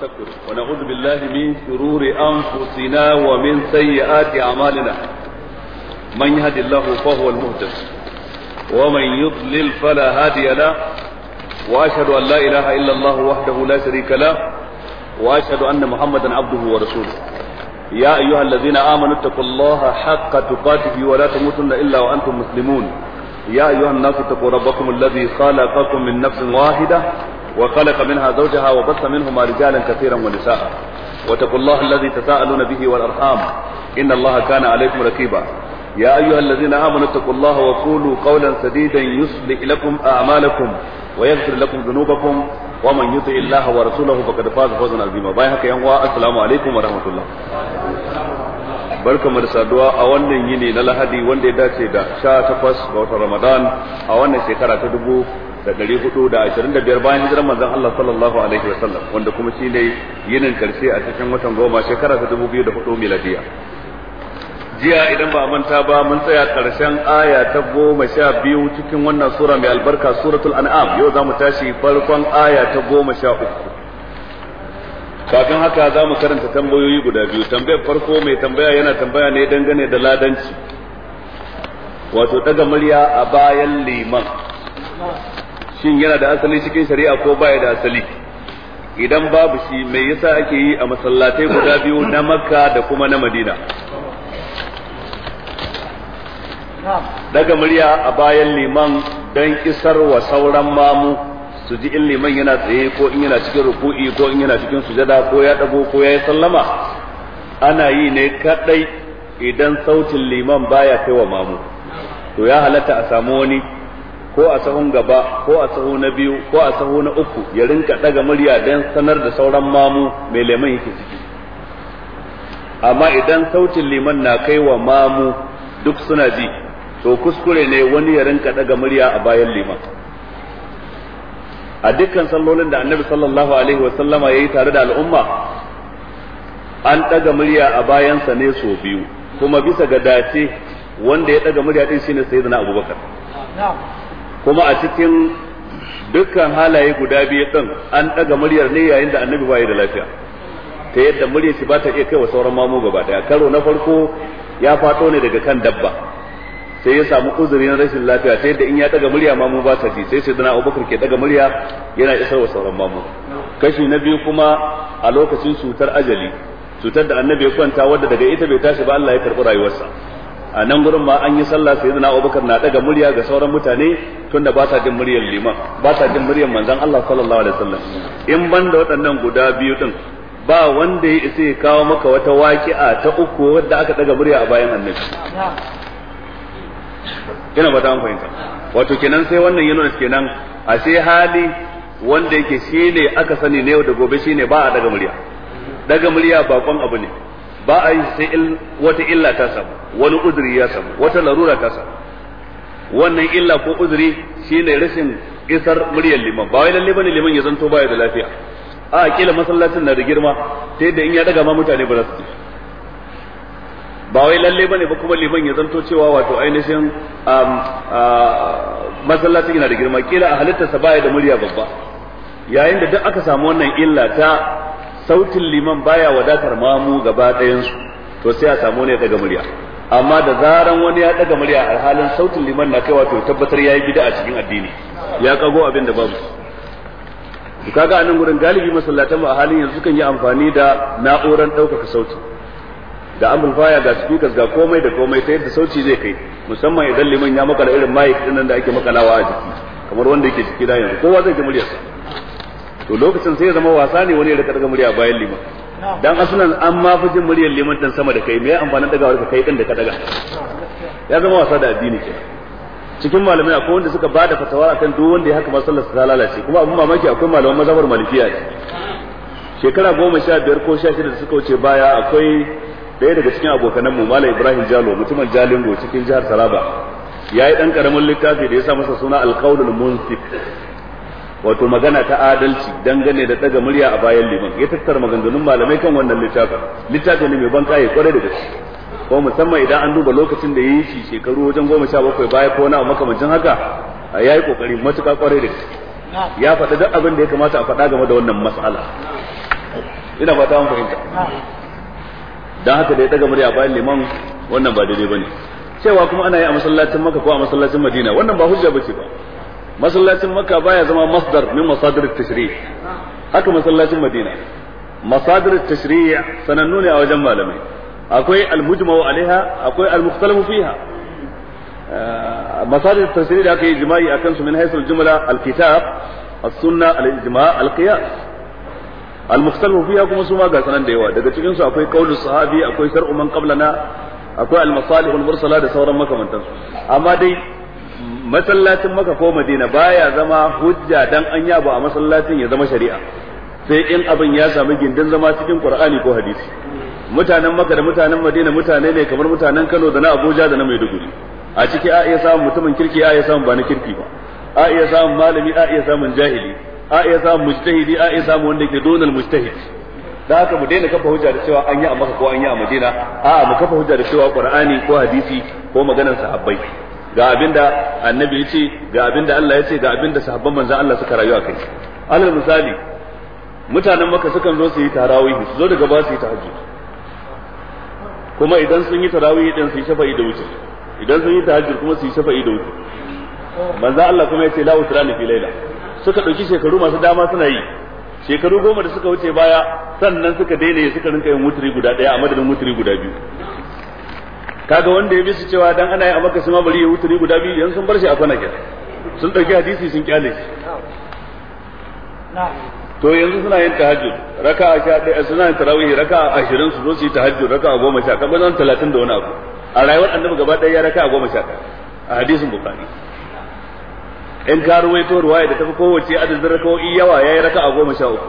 ونستغفره ونعوذ بالله من شرور أنفسنا ومن سيئات أعمالنا من يهد الله فهو المهتد ومن يضلل فلا هادي له وأشهد أن لا إله إلا الله وحده لا شريك له وأشهد أن محمدا عبده ورسوله يا أيها الذين آمنوا اتقوا الله حق تقاته ولا تموتن إلا وأنتم مسلمون يا أيها الناس اتقوا ربكم الذي خلقكم من نفس واحدة وخلق منها زوجها وبث منهما رجالا كثيرا ونساء واتقوا الله الذي تساءلون به والأرحام إن الله كان عليكم رقيبا يا أيها الذين آمنوا اتقوا الله وقولوا قولا سديدا يصلح لكم أعمالكم ويغفر لكم ذنوبكم ومن يطع الله ورسوله فقد فاز فوزا عظيما باي هكا يان السلام عليكم ورحمة الله barkamu da saduwa a wannan yini na lahadi wanda ya dace da sha takwas ga watan ramadan a wannan shekara ta dubu da ɗari hudu da ashirin da biyar bayan hijirar manzon Allah sallallahu alaihi wa sallam wanda kuma shi ne yinin karshe a cikin watan goma shekara ta dubu biyu da hudu miladiya jiya idan ba manta ba mun tsaya karshen aya ta goma sha biyu cikin wannan sura mai albarka suratul an'am yau za mu tashi farkon aya ta goma sha uku kafin haka za mu karanta tambayoyi guda biyu tambayar farko mai tambaya yana tambaya ne dangane da ladanci wato daga murya a bayan liman shin yana da asali cikin shari'a ko baya da asali idan babu shi me yasa ake yi a masallatai guda biyu na makka da kuma na madina daga murya a bayan liman dan isar wa sauran mamu su ji in liman yana tsaye ko in yana cikin ruku'i ko in yana cikin sujada ko ya dago ko ya yi sallama ana yi ne kadai idan sautin liman baya kai wa mamu to ya halatta a samu wani ko a sahun gaba ko a sahu na biyu ko a sahu na uku ya rinka daga murya don sanar da sauran mamu mai leman yake ciki amma idan sautin liman na kai wa mamu duk suna ji to kuskure ne wani ya rinka daga murya a bayan liman a dukkan sallolin da annabi sallallahu alaihi wasallama yayi tare da al'umma an daga murya a bayansa ne so biyu kuma bisa ga dace wanda ya daga murya din shine sayyidina abubakar kuma a cikin dukkan halaye guda biyu din an daga muryar ne yayin da annabi bai da lafiya ta yadda muryar shi ba ta iya kaiwa sauran mamu gaba daya karo na farko ya fato ne daga kan dabba sai ya samu uzuri na rashin lafiya ta yadda in ya daga murya mamu ba ta ji sai sai dana abubakar ke daga murya yana wa sauran mamu kashi na biyu kuma a lokacin cutar ajali cutar da annabi ya kwanta wadda daga ita bai tashi ba Allah ya karɓi rayuwarsa a nan gurin ma an yi sallah sai zina abubakar na daga murya ga sauran mutane tunda ba sa jin muryar liman ba sa jin muryar manzon Allah sallallahu alaihi wasallam in ban da waɗannan guda biyu din ba wanda ya isa ya kawo maka wata waki'a ta uku wadda aka daga murya a bayan annabi ina ba ta fahimta wato kenan sai wannan yana nuna kenan a sai hali wanda yake shine aka sani ne yau da gobe shine ba a daga murya daga murya bakon abu ne ba a yi sai wata illa ta samu wani uzuri ya samu wata larura ta samu wannan illa ko uzuri shine rashin isar muryar liman ba wai lalle bane liman ya zanto baya da lafiya a kila masallacin na da girma ta yadda in ya daga ma mutane ba za su ba wai lalle bane ba kuma liman ya zanto cewa wato ainihin um, masallacin yana da girma kila a halittarsa baya da murya babba yayin da duk aka samu wannan illa ta sautin liman baya wadatar mamu gaba ɗayansu to sai a samu ne daga murya amma da zaran wani ya daga murya a halin sautin liman na kaiwa to tabbatar yayi bid'a a cikin addini ya kago abin da babu to kaga anan gurin galibi masallatan a halin yanzu kan yi amfani da na'uran ɗaukaka sauti da faya ga speakers ga komai da komai ta yadda sauti zai kai musamman idan liman ya makala irin mic din nan da ake makalawa a jiki kamar wanda yake jiki da yanzu kowa zai ji muryarsa to lokacin sai ya zama wasa ne wani ya rika daga murya bayan liman dan asalan an ma fi jin muryar liman din sama da kai me amfanin daga wurin kai din da ka daga ya zama wasa da addini ke cikin malamai akwai wanda suka bada fatawa akan duk wanda ya haka masallar ta lalace kuma abun mamaki akwai malaman mazhabar malikiya ne shekara goma sha biyar ko sha shida da suka wuce baya akwai daya daga cikin abokanan mu malam ibrahim jalo mutumin jalingo cikin jihar taraba ya yi ɗan ƙaramin littafi da ya sa masa suna alƙaulul munsif wato magana ta adalci dangane da daga murya a bayan liman ya tattara maganganun malamai kan wannan littafin littafin ne mai ban kai kwarai da gaske ko musamman idan an duba lokacin da yayi shi shekaru wajen goma sha bakwai baya ko na makamancin haka ya yi kokari matuƙa kware da gaske ya faɗa duk abin da ya kamata a faɗa game da wannan mas'ala ina fata an fahimta dan haka da ya daga murya a bayan liman wannan ba daidai bane cewa kuma ana yi a masallacin Makka ko a masallacin Madina wannan ba hujja bace ba masallacin makka baya zama masdar min masadir tashri' haka masallacin madina masadir tashri' sanannu ne a wajen malamai akwai almujma'u alaiha akwai almukhtalafu fiha masadir tashri' da aka yi jima'i akan su min haisul jumla alkitab as-sunna alijma' alqiyas al fiha kuma su ma ga sanan da yawa daga cikin su akwai qaulu sahabi akwai shar'u man qablana akwai al almursala da sauran makamantansu amma dai masallacin maka ko madina baya zama hujja dan an yabo a masallacin ya zama shari'a sai in abin ya samu gindin zama cikin qur'ani ko hadisi mutanen maka da mutanen madina mutane ne kamar mutanen kano da na abuja da na maiduguri a ciki a iya samun mutumin kirki a iya samun ba na kirki ba a iya samun malami a iya samun jahili a iya samun mujtahidi a iya samun wanda ke donal mujtahid da haka mu daina kafa hujja da cewa an yi a maka ko an yi a madina a'a mu kafa hujja da cewa qur'ani ko hadisi ko maganar sahabbai ga abinda annabi ya ce ga abinda Allah ya ce ga abinda sahabban manzon Allah suka rayu a kai alal misali mutanen maka sukan zo su yi tarawih su zo daga ba su yi tahajjud kuma idan sun yi tarawih din su yi shafa'i da wuce idan sun yi tahajjud kuma su yi shafa'i da wuce manzon Allah kuma ya ce la ni fi laila suka dauki shekaru masu dama suna yi shekaru goma da suka wuce baya sannan suka daina suka rinka yin wuturi guda daya a madadin wuturi guda biyu kaga wanda ya bi su cewa dan ana yi a maka su ma bari ya wuturi guda biyu yanzu sun bar shi a kwana kenan sun dauki hadisi sun kyale shi to yanzu suna yin tahajjud a sha ɗaya eh, suna yin raka a ashirin su zo su yi tahajjud a goma sha kamar zan talatin da wani abu a rayuwar annabi gaba ɗaya ya a goma sha a hadisin bukari in ka ruwaito ruwaya da tafi kowace adadin raka'o'i yawa ya yi raka a goma sha uku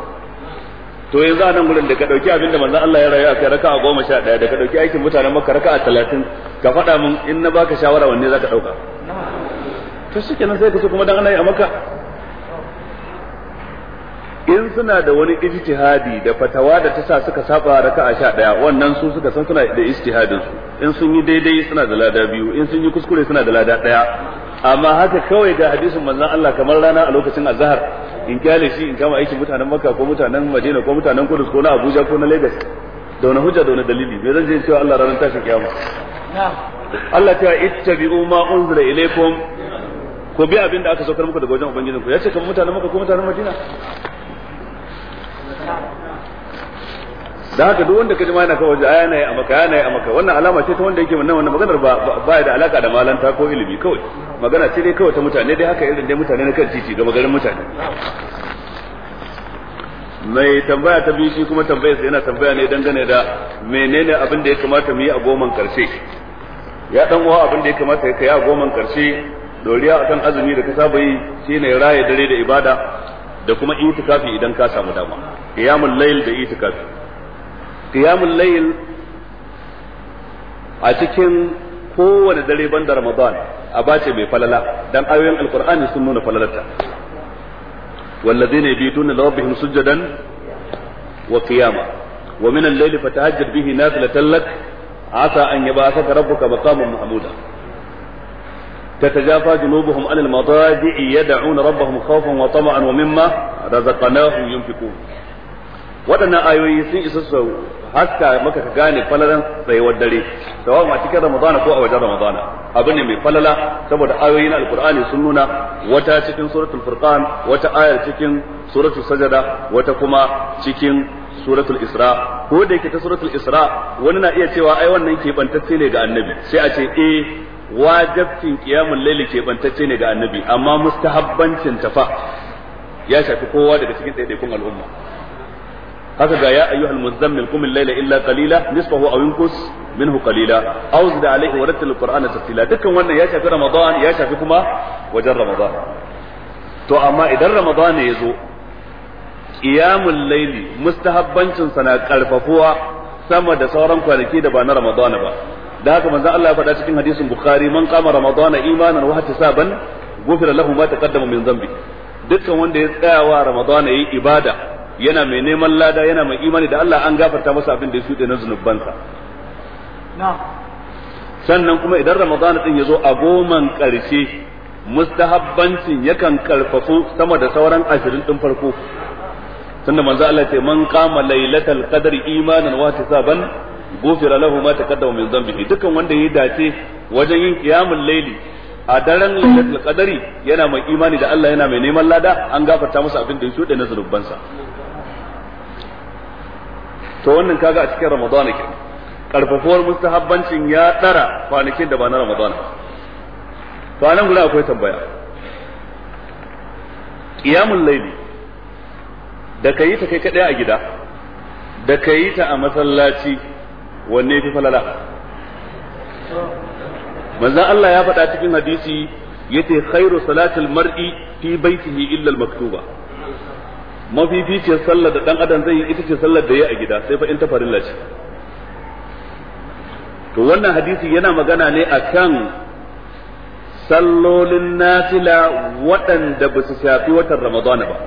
to yanzu a nan gurin da ka dauki abinda manzo Allah ya rayu a kai raka'a goma sha ɗaya da ka dauki aikin mutanen raka raka'a talatin ka faɗa min in na baka shawara wanne zaka dauka to shi kenan sai ka ce kuma dan ana yi a maka. in suna da wani ijtihadi da fatawa da ta sa suka saba raka'a sha ɗaya wannan su suka san suna da ijtihadin su in sun yi daidai suna da lada biyu in sun yi kuskure suna da lada ɗaya amma haka kawai ga hadisin manzon Allah kamar rana a lokacin azhar in kyale shi in kama aikin mutanen makka ko mutanen madina ko mutanen kudus ko na abuja ko na lagos da wani hujja da wani dalili me zan je cewa Allah ranar tashi kiyama Allah ta ittabi'u ma unzila ilaykum ko bi abin da aka saukar muku daga wajen ubangijinku ya ce kan mutanen makka ko mutanen madina da haka duk wanda kaji ma yana kawai aya na yi a maka yana yi a maka wannan alama ce ta wanda yake wannan wannan maganar ba ba da alaka da malanta ko ilimi kawai magana ce dai kawai ta mutane dai haka irin dai mutane na kan titi ga maganar mutane mai tambaya ta biyu shi kuma tambayar sa yana tambaya ne dangane da menene abin da ya kamata mu yi a goman karshe ya dan uwa abin da ya kamata ka yi a goman karshe doriya akan azumi da ka saba yi shine raye dare da ibada da kuma itikafi idan ka samu dama qiyamul layl da itikafi qiyamul layl a cikin kowane dare ban da ramadan a bace mai falala dan ayoyin alqur'ani sun nuna falalarta walladhina yabituna li rabbihim sujadan wa qiyama wa min al-layli fatahajjad bihi nafilatan lak asa an yabasaka rabbuka maqaman mahmuda تتجافى جنوبهم عن المضاجع يدعون ربهم خوفا وطمعا ومما رزقناهم ينفقون ودنا آيوي سيئسسوا haska maka ka gane falalan tsayuwar dare sawa'un a cikin ramadana ko a wajen ramadana abu ne mai falala saboda ayoyin alqur'ani sun nuna wata cikin suratul furqan wata ayar cikin suratul sajada wata kuma cikin suratul isra ko da yake ta suratul isra wani na iya cewa ai wannan ke bantacce ne ga annabi sai a ce eh wajabcin qiyamul layli ke bantacce ne ga annabi amma mustahabbancin tafa ya shafi kowa daga cikin ɗaiɗaikun al'umma haka ga ya ayyuhal muzammil qum al-layla illa qalila nisfahu aw yunqus minhu qalila aw zid alayhi wa rattil qur'ana tartila dukkan wannan ya shafi ramadan ya shafi kuma wajen ramadan to amma idan ramadan ya zo qiyamul layli mustahabbancin sa na karfafuwa sama da sauran kwanaki da ba na ramadan ba da haka manzon Allah ya faɗa cikin hadisin bukhari man qama ramadan imanan wa ihtisaban ghufira lahu ma taqaddama min dhanbi dukkan wanda ya tsaya wa ramadan yayi ibada yana mai neman lada yana mai imani da Allah an gafarta masa abin da ya shuɗe na zunubansa sannan kuma idan ramadana din ya zo a goman ƙarshe mustahabbancin yakan karfafu sama da sauran ashirin ɗin farko tunda manzo Allah ce man qama lailatal qadri imanan wa tisaban gufira lahu ma taqaddama min dhanbihi dukkan wanda ya dace wajen yin qiyamul layli a daren lailatul qadri yana mai imani da Allah yana mai neman lada an gafarta masa abin da ya shuɗe na zunubansa to wannan kaga a cikin ramadan ke karfafuwar mustahabbancin ya tsara kwanakin da ba na ramadan to anan guda akwai tambaya qiyamul layli da kayi ta kai kadai a gida da kayi ta a masallaci wanne fi falala manzon Allah ya faɗa cikin hadisi yace khairu salatil mar'i fi baitihi illa al-maktuba mafificiyar sallar da dan adam zai yi ita ce sallar da ya a gida sai fa in ta farilla ce to wannan hadisi yana magana ne akan sallolin nafila waɗanda ba su shafi watan ramadana ba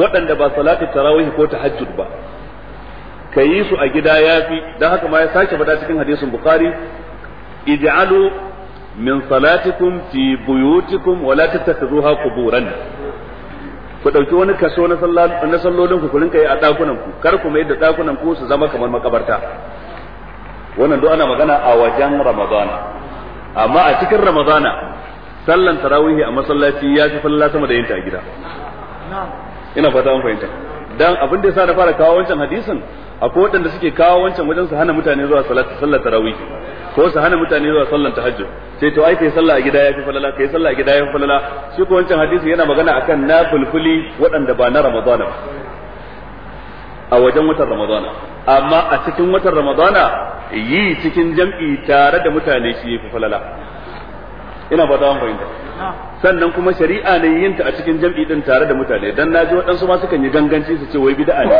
waɗanda ba salatu tarawih ko tahajjud ba ka yi su a gida ya fi don haka ma ya sake faɗa cikin hadisin bukhari ij'alu min salatikum fi buyutikum wa la tattakhidhuha ku dauki wani kaso na na sallolin ku ku rinka yi a dakunan ku kar ku mai da dakunan ku su zama kamar makabarta wannan duk ana magana a wajen ramadana amma a cikin ramadana sallan tarawih a masallaci ya fi falla sama da yinta a gida ina fata an fahimta dan abin da yasa na fara kawo wancan hadisin akwai waɗanda suke kawo wancan wajen su hana mutane zuwa sallar tarawih ko su hana mutane zuwa sallan tahajjud sai to ai kai sallah a gida ya yafi falala kai sallah a gida ya yafi falala shi ko wancan hadisi yana magana akan nafilfili waɗanda ba na ramadana ba a wajen watan ramadana amma a cikin watan ramadana yi cikin jam'i tare da mutane shi ya yafi falala ina ba ta fahimta sannan kuma shari'a ne yin ta a cikin jam'i din tare da mutane dan naji waɗansu ma sukan yi ganganci su ce wai bid'a ne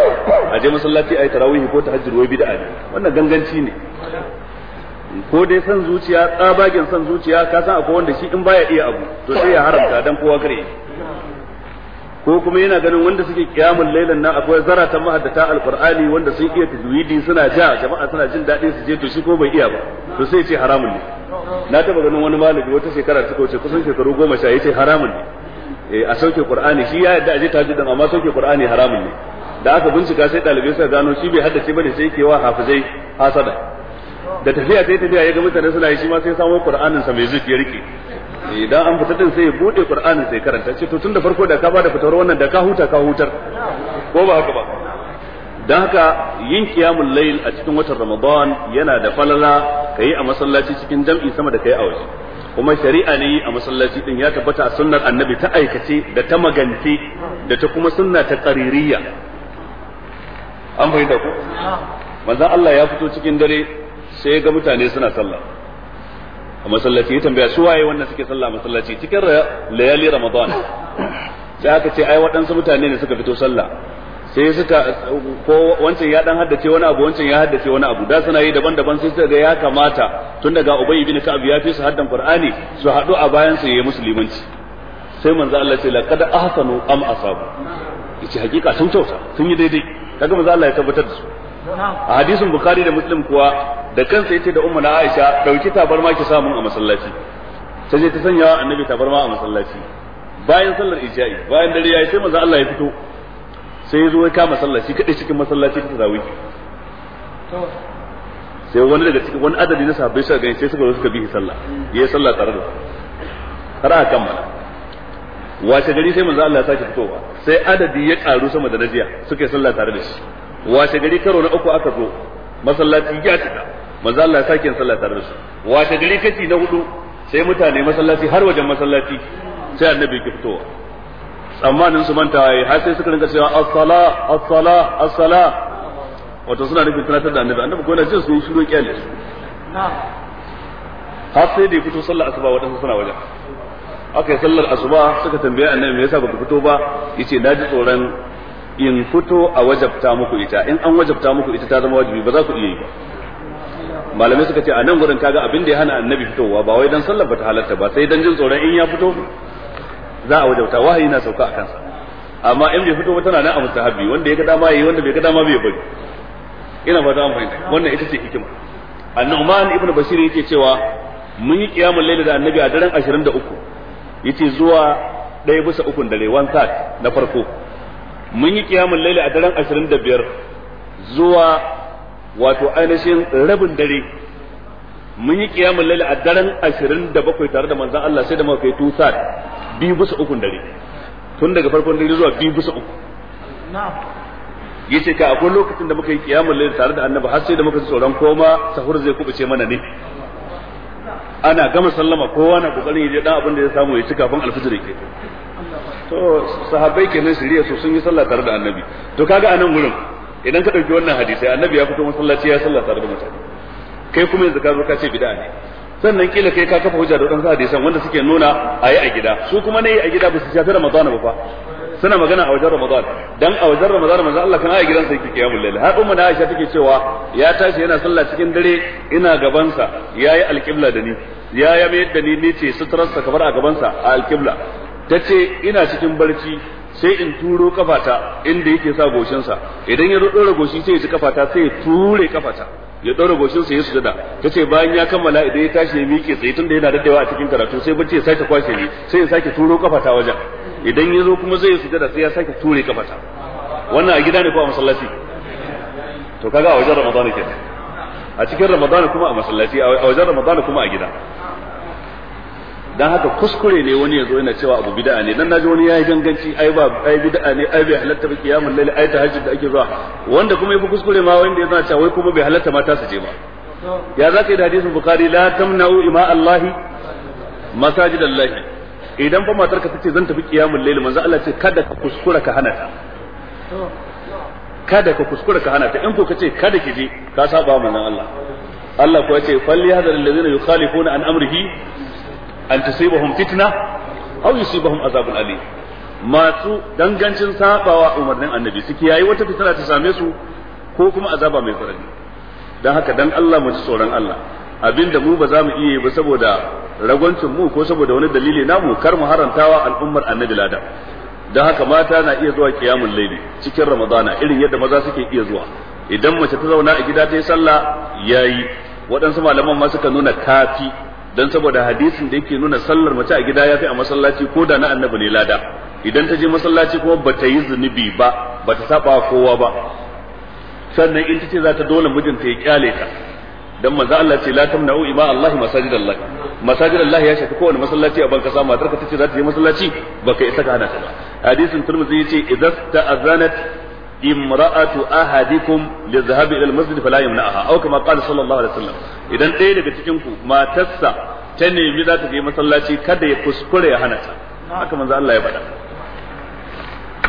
a je masallaci ayi tarawih ko tahajjud wai bid'a ne wannan ganganci ne ko dai san zuciya tsabagen san zuciya ka san akwai wanda shi in baya iya abu to sai ya haramta dan kowa kare ko kuma yana ganin wanda suke kiyamul lailan na akwai zaratan mahaddata alqur'ani wanda sun iya tajwidi suna ja jama'a suna jin daɗin su je to shi ko bai iya ba to sai ce haramun ne na taba ganin wani malami wata shekara ta wuce kusan shekaru goma sha yace haramun ne eh, a sauke qur'ani shi ya yadda aje je tajwidin amma sauke qur'ani haramun ne da aka bincika sai dalibai suka gano shi bai haddace bane sai yake wa hafizai hasada da tafiya sai tafiya ya ga mutane suna yi shi ma sai samo qur'anin sa mai zuciya rike idan an fita din sai ya bude qur'anin sai karanta ce to tun da farko da ka bada fitar wannan da ka huta ka hutar ko ba haka ba dan haka yin qiyamul layl a cikin watan ramadan yana da falala kai a masallaci cikin jam'i sama da kai a waje kuma shari'a ne a masallaci din ya tabbata a sunnar annabi ta aikace da ta magance da ta kuma sunna ta qaririyya an fahimta ku manzon Allah ya fito cikin dare sai ga mutane suna sallah a masallaci ya tambaya su waye wannan suke sallah a masallaci cikin layali ramadan sai aka ce ai waɗansu mutane ne suka fito sallah sai suka ko wancan ya dan haddace wani abu wancan ya haddace wani abu da suna yi daban-daban sai suka ga ya kamata tun daga ubay ibn ka'ab ya fi su haddan qur'ani su haɗu a bayan su yi musulmanci sai manzo Allah ce laqad ahsanu am asabu yace hakika sun kyauta sun yi daidai kaga manzo Allah ya tabbatar da su a hadisin bukhari da muslim kuwa da kansa yace da ummu na aisha dauki tabarma ki samu a masallaci ta je ta sanya annabi tabarma a masallaci bayan sallar isha'i bayan dare yayi sai manzo Allah ya fito sai ya zo ya kama masallaci kadai cikin masallaci ta zawi to sai wani daga cikin wani adadi na sahabbai suka gani sai suka zo suka bi sallah yayi sallah tare da har aka kammala wace gari sai manzo Allah ya sake fitowa sai adadi ya karu sama da najiya suka yi sallah tare da shi washe gari karo na uku aka zo masallaci ya cika manzo Allah ya sake sallah tare da su washe gari kaci na hudu sai mutane masallaci har wajen masallaci sai annabi ke fitowa tsammanin su manta yayi har sai suka rinka cewa as-sala as-sala as-sala wato suna nufin tunatar da annabi annabi ko na jin su shiru kyale su har sai da ya fito sallar asuba waɗansu suna wajen aka yi sallar asuba suka tambaye annabi me yasa baka fito ba yace na ji tsoron in fito a wajabta muku ita in an wajabta muku ita ta zama wajibi ba za ku iya yi ba malamai suka ce a nan gurin kaga abin da ya hana annabi fitowa ba wai dan sallar bata halarta ba sai dan jin tsoron in ya fito za a wajabta wahayi na sauka a kansa amma in bai fito ba tana nan a mustahabi wanda ya ga dama yayi wanda bai ga dama bai bari ina ba za mu fahimta wannan ita ce hikima annu'man ibn bashir yake cewa mun yi qiyamul layl da annabi a daren 23 yace zuwa ɗaya bisa ukun dare one third na farko mun yi kiyamun laili a daren 25 zuwa wato ainihin rabin dare mun yi kiyamun laili a daren 27 tare da manzan Allah sai da mafi kai tusar biyu bisa ukun dare tun daga farkon dare zuwa biyu bisa uku yace ka akwai lokacin da muka yi kiyamun laili tare da annabi har sai da muka tsoron koma sahur zai kubuce mana ne ana gama sallama kowa na kokarin yaje dan abin da ya samu ya ci kafin alfajir ke so sahabbai kenan shirye su sun yi sallah tare da annabi to kaga anan gurin idan ka dauki wannan hadisi annabi ya fito masallaci ya sallah tare da mutane kai kuma yanzu ka zo ka ce bid'a ne sannan kila kai ka kafa hujja da wadansu hadisan wanda suke nuna a yi a gida su kuma na yi a gida ba su shafi ramadana ba fa suna magana a wajen ramadan dan a wajen ramadan manzo Allah kan aya gidansa yake kiyamul lail har umma na Aisha take cewa ya tashi yana sallah cikin dare ina gaban sa yayi alqibla da ni ya ya mayar da ni ne ce sutrarsa kamar a gaban sa a alqibla ta ce ina cikin barci sai in turo kafata inda yake sa goshinsa idan ya dora goshi sai ya ci kafata sai ya ture kafata ya dora goshinsa ya sujada ta ce bayan ya kammala idan ya tashi ya miƙe tsaye tunda yana daddawa a cikin karatu sai bacci ya sake kwashe ni sai ya sake turo kafata wajen idan ya zo kuma zai sujada sai ya sake ture kafata wannan a gida ne ko a masallaci to kaga a wajen ramadana ke a cikin ramadana kuma a masallaci a wajen ramadana kuma a gida dan haka kuskure ne wani ya zo yana cewa abu bid'a ne dan naji wani yayi ganganci ai ba ai bid'a ne ai bai halatta ba kiyamul layl ai tahajjud da ake zuwa wanda kuma yafi kuskure ma wanda yana zana cewa wai kuma bai halatta mata su je ba ya zaka yi da hadisin bukhari la tamna'u ima allahi masajidallahi idan fa matarka tace zan tafi kiyamul layl manzo Allah ce kada ka kuskura ka hana ta kada ka kuskura ka hana ta in ko kace kada ki je ka saba manzon Allah Allah kuwa ya ce falli hadal ladina yukhalifuna an amrihi an tusibahum fitna aw yusibahum azabun alim masu dangancin sabawa umarnin annabi suke yayi wata fitina ta same su ko kuma azaba mai tsanani dan haka dan Allah mu tsoron Allah abinda mu ba za mu iya yi ba saboda ragwancin mu ko saboda wani dalili namu kar mu harantawa al'ummar annabi lada dan haka mata na iya zuwa kiyamul laili cikin ramadana irin yadda maza suke iya zuwa idan mace ta zauna a gida ta yi sallah yayi waɗansu malaman ma suka nuna kafi dan saboda hadisin da yake nuna sallar mace a gida yafi a masallaci ko da na annabi ne lada idan ta je masallaci kuma bata yi zunubi ba bata saba kowa ba sannan in tace za ta dole mijinta ya kyale ta dan manzo Allah ce la tamna'u ima Allah masajid Allah ya shafi kowane masallaci a banka sa matar ka tace za ta je masallaci baka isa ka hana ta ba hadisin Tirmidhi yace idza ta'azanat imra'atu ahadikum li dhahabi ila al-masjid fala yamna'aha aw kama qala sallallahu alaihi wasallam idan ɗaya daga cikin ku matarsa ta nemi za ta je masallaci kada ya kuskure ya hana ta haka manzo Allah ya faɗa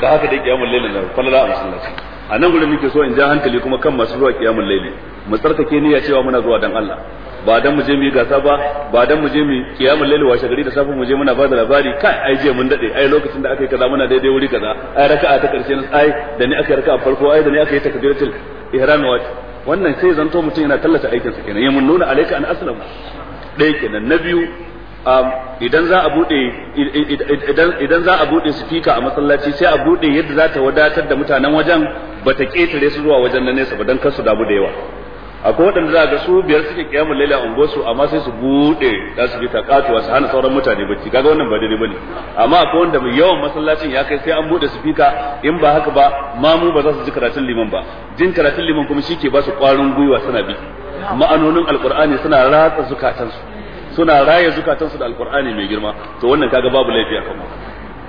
da haka dai kiyamul lailin da kullala a masallaci a nan gudun nake so in ja hankali kuma kan masu zuwa kiyamun laili mu tsarkake niyya cewa muna zuwa dan Allah ba dan mu je mu yi gasa ba ba dan mu je mu kiyamun laili washe gari da safe mu je muna bada labari kai ai je mun dade ai lokacin da aka yi kaza muna daidai wuri kaza ai raka'a ta karshe na ai da ni aka yi raka'a farko ai da ni aka yi takbiratul ihram wa wannan sai zanto mutum yana tallata aikinsa kenan ya mun nuna alayka an aslamu dai kenan na biyu Um, idan za a bude idan za a bude sifika a masallaci sai a bude yadda za ta wadatar da mutanen wajen bata ketare su zuwa wajen na nesa ba dan kar su damu da yawa akwai waɗanda za ga su biyar suke kiyamul laila ungo su amma sai su bude da su fita katuwa su hana sauran mutane bacci kaga wannan ba daidai bane amma akwai wanda mai yawan masallacin ya kai sai an bude sifika in ba haka ba mamu ba za su ji karatun liman ba jin karatun liman kuma shi ke ba su ƙwarin gwiwa suna bi ma'anonin alqur'ani suna ratsa zukatansu suna raya su da alkur'ani mai girma to wannan kaga babu laifi kuma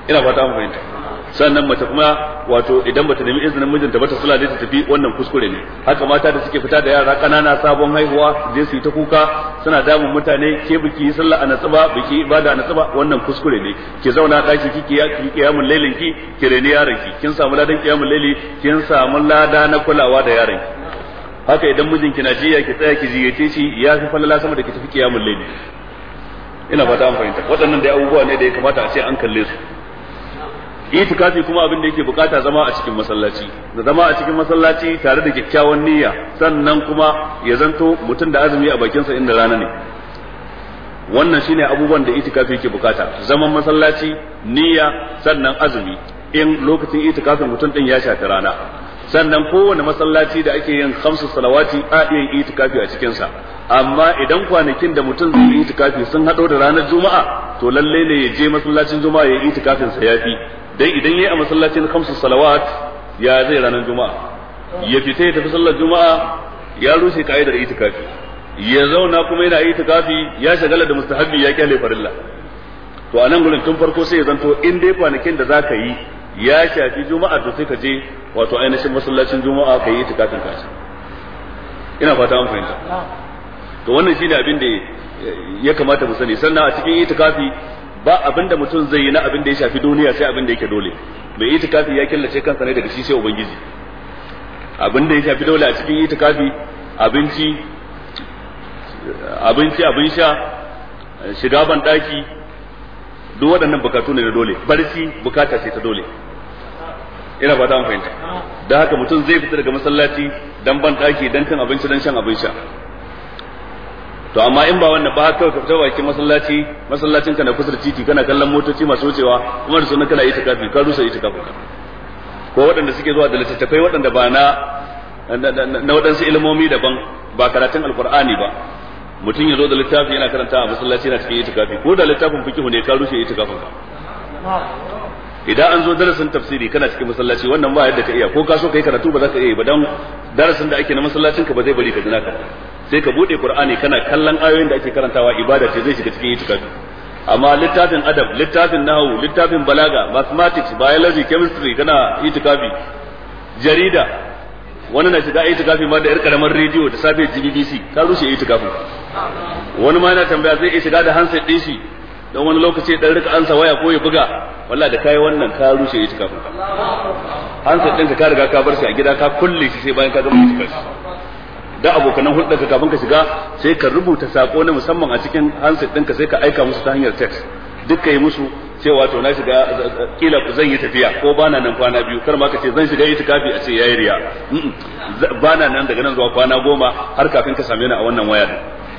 ina fata an fahimta sannan mace kuma wato idan bata nemi izinin mijinta ba ta sula ta tafi wannan kuskure ne haka mata da suke fita da yara kanana sabon haihuwa je su yi ta kuka suna damun mutane ke biki sallah a natsuba biki ibada a natsuba wannan kuskure ne ki zauna daki ki ya kiki lailin ki ki reni kin samu ladan kiyamul laili kin samu lada na kulawa da yaranki haka idan mijinki na jiya ki tsaya ki jiyace shi ya fi falala sama da ki tafi kiyamul layli ina fata an fahimta waɗannan da abubuwa ne da ya kamata a ce an kalle su itikafi kuma abin da yake bukata zama a cikin masallaci da zama a cikin masallaci tare da kyakkyawan niyya sannan kuma ya zanto mutum da azumi a bakinsa inda rana ne wannan shine abubuwan da itikafi yake bukata zaman masallaci niyya sannan azumi in lokacin itikafin mutum din ya shafi rana sannan kowane masallaci da ake yin khamsu salawati a iya yin itikafi a cikinsa amma idan kwanakin da mutum zai yi itikafi sun hado da ranar juma'a to lalle ne ya je masallacin juma'a ya yi itikafin sa yafi dan idan yayi a masallacin khamsu salawat ya zai ranar juma'a ya fita ya tafi sallar juma'a ya rushe ka'idar itikafi ya zauna kuma yana itikafi ya shagala da mustahabbi ya kyale farilla to anan gurin tun farko sai ya zanto in dai kwanakin da zaka yi ya shafi juma'a to sai ka je wato ainihin masallacin juma'a ka yi itikafin ka ina fata an fahimta to wannan shine abin da ya kamata mu sani sannan a cikin itikafi ba abin da mutum zai yi na abin da ya shafi duniya sai abin da yake dole mai itikafi ya killace kansa ne daga shi sai ubangiji abin da ya shafi dole a cikin itikafi abinci abinci abin sha shiga ban daki duk waɗannan bukatu ne na dole barci bukata ce ta dole ina ba ta amfani fahimta da haka mutum zai fita daga masallaci dan ban daki dan kan abinci dan shan abin sha to amma in ba wannan ba kawai ka fita bakin masallaci masallacin ka na kusur titi kana kallon motoci masu wucewa kuma da sunan kana takafi ka rusa yi itikafi ko waɗanda suke zuwa da littattafai waɗanda ba na na waɗansu ilmomi daban ba karatun alkur'ani ba mutum ya zo da littafi yana karanta a masallaci yana cikin itikafi ko da littafin fikihu ne ka rushe itikafin ka idan an zo darasin tafsiri kana cikin masallaci wannan ba yadda ka iya ko ka so yi karatu ba za ka iya ba dan darasin da ake na masallacin ka ba zai bari ka jina ka sai ka bude qur'ani kana kallon ayoyin da ake karantawa ibada ce zai shiga cikin itikafi amma littafin adab littafin nahwu littafin balaga mathematics biology chemistry kana itikafi jarida wani na shiga itikafi ma da yar karamar rediyo da safe GBBC ka rushe itikafin wani ma yana tambaya zai iya shiga da handset din shi don wani lokaci dan rika ansa waya ko ya buga wallahi da kai wannan ka rushe shi kafin ka hansa din ka riga ka bar shi a gida ka kulle shi sai bayan ka gama ita shi da abokan hulɗar ka kafin ka shiga sai ka rubuta sako na musamman a cikin hansa din ka sai ka aika musu ta hanyar text duk ka yi musu cewa to na shiga kila zan yi tafiya ko bana nan kwana biyu kar ma ka ce zan shiga itikafi a ce yayi riya bana nan daga nan zuwa kwana goma har kafin ka same ni a wannan waya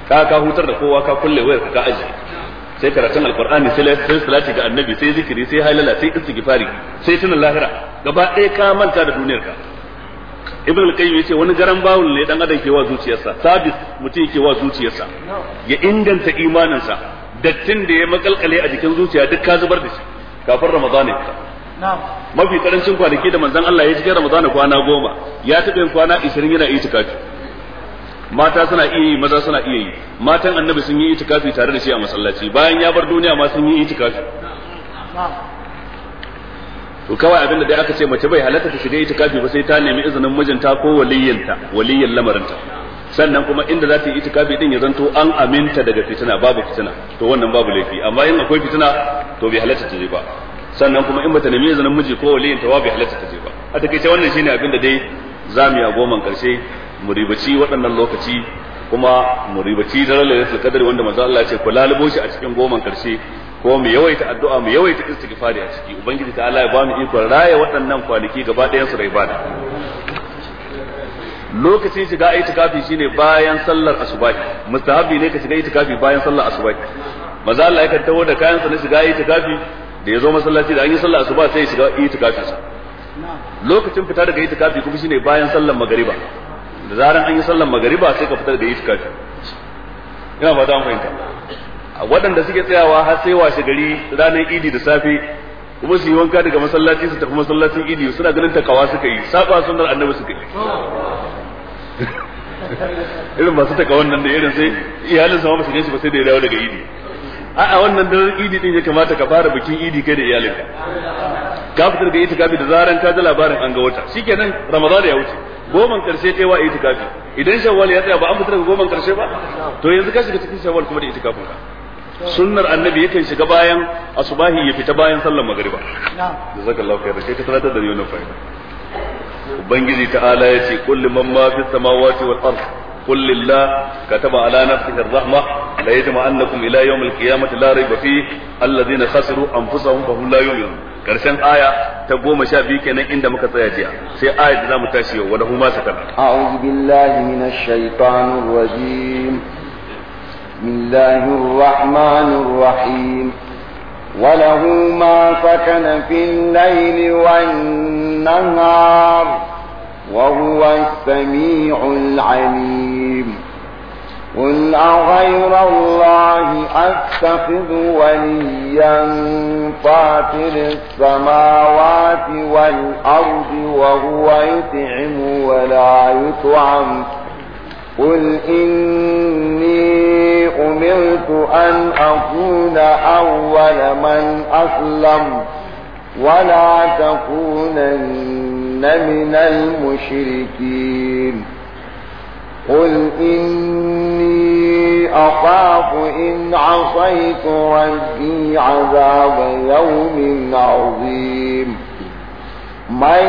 ka ka hutar da kowa ka kulle wayar ka ka ajiye sai karatun alqur'ani sai salati ga annabi sai zikiri sai halala sai istighfari sai tunan lahira gaba ɗaya ka manta da duniyar ka ibn al-qayyim yace wani garan bawul ne dan adam ke wa zuciyarsa sabis mutum ke wa zuciyarsa ya inganta imaninsa dattin da ya makalkale a jikin zuciya duk ka zubar da shi kafin ramadana mafi karancin kwanaki da manzon Allah ya cikin ramadana kwana goma ya taɓa kwana 20 yana itikafi mata suna iya yi maza suna iya yi matan annabi sun yi itikafi tare da shi a masallaci bayan ya bar duniya ma sun yi itikafi to kawai abin da dai aka ce mace bai halatta ta shiga itikafi ba sai ta nemi izinin mijinta ko waliyinta waliyin lamarinta sannan kuma inda za ta yi itikafi din ya zanto an aminta daga fitina babu fitina to wannan babu laifi amma in akwai fitina to bai halatta ta je ba sannan kuma in bata nemi izinin miji ko waliyinta ba bai halatta ta je ba a takaice wannan shine abin da dai zamu yi a goman karshe mu ribaci waɗannan lokaci kuma mu ribaci daren lailatul kadar wanda manzo Allah ya ce ku lalubo shi a cikin goman karshe ko mu yawaita addu'a mu yawaita istighfari a ciki ubangiji ta Allah ya ba mu ikon raya waɗannan kwanaki gaba ɗayan su da ibada lokacin shiga tukafi shine bayan sallar asuba mustahabi ne ka shiga itikafi bayan sallar asuba manzo Allah ya kan tawo da kayan sa na shiga tukafi da ya zo masallaci da an yi sallar asuba sai shiga shiga itikafi lokacin fita daga itikafi kuma shine bayan sallar magariba da zaran an yi sallan magariba sai ka fitar da itikafi ina ba ta fahimta waɗanda suke tsayawa har sai washe gari ranar idi da safe kuma su yi wanka daga masallaci su tafi masallacin idi suna ganin takawa suka yi saba sunnar annabi suka yi irin masu taka wannan da irin sai iyalin sama su ganshi ba sai da ya dawo daga idi a'a a wannan daren idi din ya kamata ka fara bikin idi kai da iyalinka ka fitar ga itikafi da zaran ka ji labarin an ga wata shikenan ramadan ya wuce goman karshe ta wa itikafi idan shawwal ya tsaya ba an fitar ga goman karshe ba to yanzu ka shiga cikin shawwal kuma da itikafin ka sunnar annabi yakan shiga bayan asubahi ya fita bayan sallar magriba jazakallahu khairan kai ka sanar da yau na fa'ida ubangiji ta'ala ya ce kullu man ma fi samawati wal ardh قل لله كتب على نفسه الرحمة ليجمعنكم إلى يوم القيامة لا ريب فيه الذين خسروا أنفسهم فهم لا يؤمنون karshen aya ta goma sha biyu kenan inda muka tsaya jiya sai aya da zamu tashi yau wani huma sakana a'udhu billahi minash shaitanir rajim bismillahir rahmanir rahim وله ما سكن في الليل والنهار وهو السميع العليم قل أغير الله أتخذ وليا فاطر السماوات والأرض وهو يطعم ولا يطعم قل إني أمرت أن أكون أول من أسلم ولا تكونن من المشركين قل إني أخاف إن عصيت ربي عذاب يوم عظيم من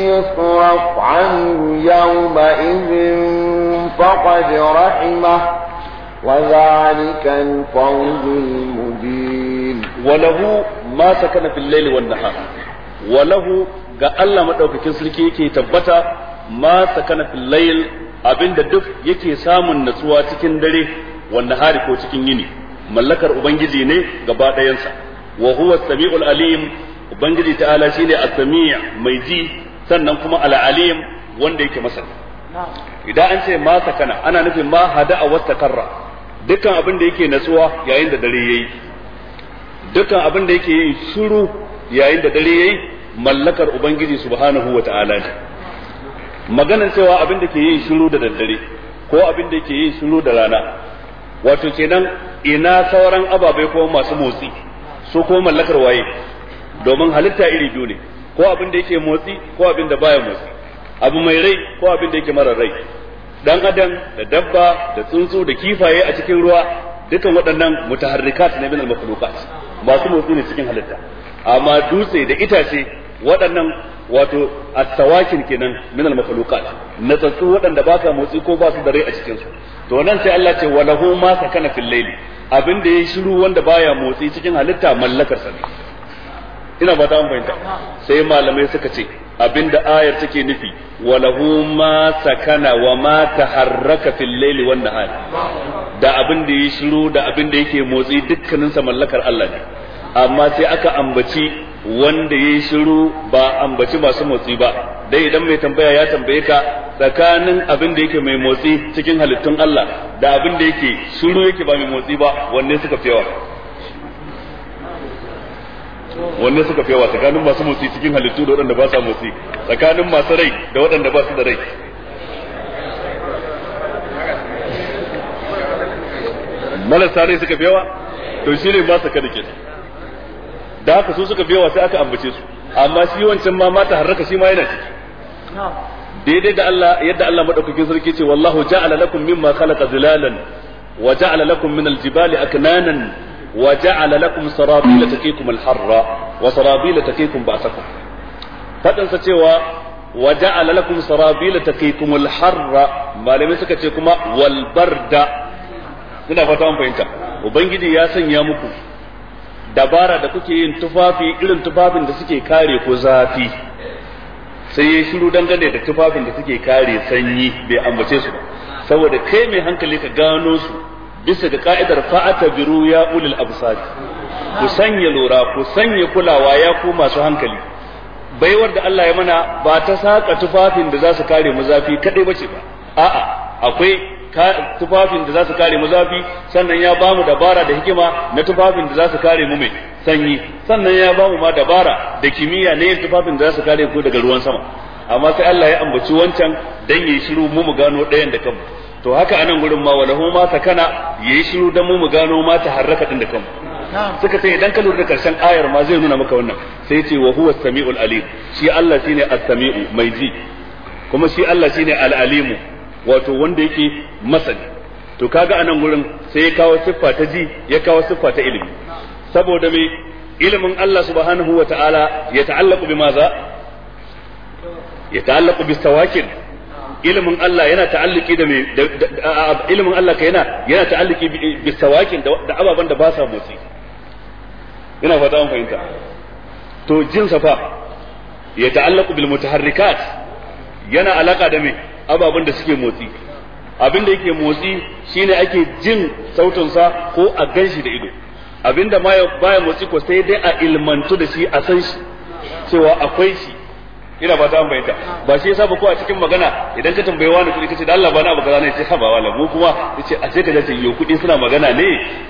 يصرف عنه يومئذ فقد رحمه وذلك الفوز المبين وله ما سكن في الليل والنهار وله ga Allah madaukakin sarki yake tabbata ma sakana fil abinda duk yake samun natsuwa cikin dare wanda hari ko cikin yini mallakar ubangiji ne gaba ɗayansa wa huwa samiul alim ubangiji ta'ala shine as-sami' mai ji sannan kuma al-alim wanda yake masani idan an ce ma sakana ana nufin ma hada'a takarra dukkan abin da yake natsuwa yayin da dare yayi dukkan abin da yake yin shiru yayin da dare yayi mallakar ubangiji subhanahu ta'ala ne maganan cewa abin da ke yin shiru da daddare ko abin da ke yin shiru da rana wato kenan ina sauran ababai ko masu motsi su ko mallakar waye domin halitta iri biyu ne ko abin da yake motsi ko abin da baya motsi abu mai rai ko abin da yake mara rai dan adam da dabba da tsuntsu da kifaye a cikin ruwa dukan waɗannan mutaharrikat ne min al masu motsi ne cikin halitta amma dutse da itace waɗannan wato asawakin kenan min al-makhluqat na tsatsu waɗanda ba ka motsi ko ba su da rai a cikin su to nan sai Allah ce walahu ma sakana fil layli abin da yayi shiru wanda baya motsi cikin halitta mallakar sa ne ina ba ta an bayyana sai malamai suka ce abin da ayar take nufi walahu ma sakana wa ma taharraka fil layli wan nahar da abin da yayi shiru da abin da yake motsi dukkanin sa mallakar Allah ne amma sai aka ambaci wanda yayi shiru ba ambaci masu motsi ba dai idan mai tambaya ya tambaye ka tsakanin abin da yake mai motsi cikin halittun Allah da abin da yake shiru yake ba mai motsi ba wanne suka fi yawa wanne suka fi yawa tsakanin masu motsi cikin halittu da waɗanda ba sa motsi tsakanin masu rai da waɗanda ba su da rai marasa rai suka fi yawa to shi ne ba su kada kenan da haka su suka biya sai aka ambace su amma shi wancan ma mata harraka shi ma yana ciki daidai da Allah yadda Allah madaukakin sarki ce wallahu ja'ala lakum mimma khalaqa zilalan wa ja'ala lakum min aljibali aknanan wa ja'ala lakum sarabila taqikum alharra wa sarabila taqikum ba'sakum fadin sa cewa wa ja'ala lakum sarabila taqikum alharra malamai suka ce kuma wal barda ina fata an fahimta ubangiji ya sanya muku dabara da kuke yin tufafi irin tufafin da suke kare ko zafi sai ya shiru dangane da tufafin da suke kare sanyi bai ambace su ba saboda kai mai hankali ka gano su bisa ga ka'idar fa'ata biru ya ulul absar ku sanya lura ku sanya kulawa ya ku masu hankali baiwar da Allah ya mana ba ta saka tufafin da za su kare mu zafi kadai bace ba a'a akwai tufafin da za su kare mu zafi sannan ya bamu dabara da hikima na tufafin da za su kare mu mai sanyi sannan ya bamu ma dabara da kimiyya na yin tufafin da za su kare ku daga ruwan sama amma sai Allah ya ambaci wancan dan yayi shiru mu mu gano ɗayan da kanmu to haka anan gurin ma walahu ma kana yayi shiru dan mu mu gano ma ta harraka din da kanmu suka ce idan ka lura da karshen ayar ma zai nuna maka wannan sai ce wa huwa samiul alim shi Allah shine as-sami'u mai ji kuma shi Allah shine al-alimu wato wanda yake masani to kaga anan gurin sai ya kawo siffa ta ji ya kawo siffa ta ilimi saboda me ilimin Allah subhanahu wa ta'ala ya ta'allaku bi maza ya ta'allaku bi sawakin ilimin Allah yana ta'alluki da me ilimin Allah ka yana yana ta'alluki bi sawakin da ababan da ba sa motsi ina fata an fahimta to jin safa ya ta'allaku bil mutaharrikat yana alaka da me ababen da suke motsi abin da yake motsi shine ake jin sautinsa ko a ganshi da ido abin da baya motsi ko sai dai a ilmantu da shi a san shi cewa akwai shi ina ba ta an bayyana ba shi yasa ba ko a cikin magana idan ka tambaye wani kuɗi kace da Allah ba na abu kaza ne sai haba wala mu kuma yace a sai ka zace yo kuɗi suna magana ne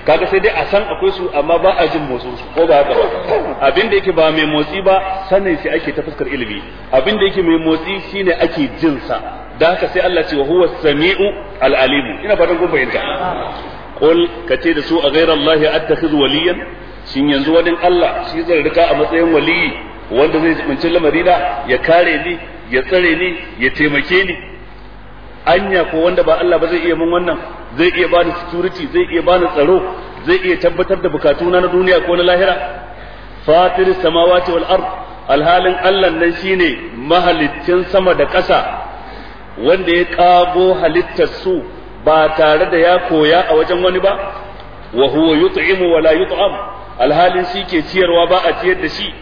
kaga sai dai a san akwai su amma ba a jin motsin su ko ba haka ba abin da yake ba mai motsi ba sanin shi ake ta fuskar ilimi abin da yake mai motsi shine ake jin sa da haka sai Allah ce wa huwa sami'u al-alimu ina fatan kun fahimta qul kace da su a ghayra Allah attakhidhu waliyan shin yanzu wadin Allah shi zai rika a matsayin waliyi wanda zai jibinci lamarina ya kare ni ya tsare ni ya taimake ni anya ko wanda ba Allah ba zai iya mun wannan zai iya bani security zai iya bani tsaro zai iya tabbatar da bukatuna na duniya ko na lahira fatir samawati wal ard alhalin Allah nan shine mahaliccin sama da ƙasa wanda ya kago halittar su ba tare da ya koya a wajen wani ba wa huwa yut'imu wa la yut'am alhalin shi ke ciyarwa ba a ciyar da shi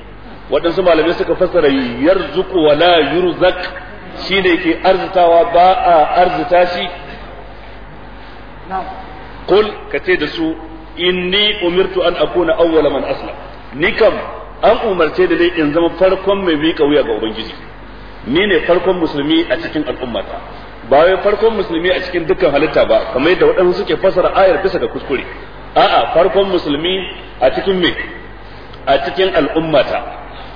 waɗansu malamai suka fassara yarzuqu wa la yurzaq shine ke arzitawa ba a shi kul ka ce da su inni umirtu an akuna awwala man aslam ni kam an umarce da dai in zama farkon mai miƙa wuya ga ubangiji ni ne farkon musulmi a cikin al'ummata ba wai farkon musulmi a cikin dukkan halitta ba kamar yadda waɗansu suke fasara ayar bisa ga kuskure a'a farkon musulmi a cikin me a cikin al'ummata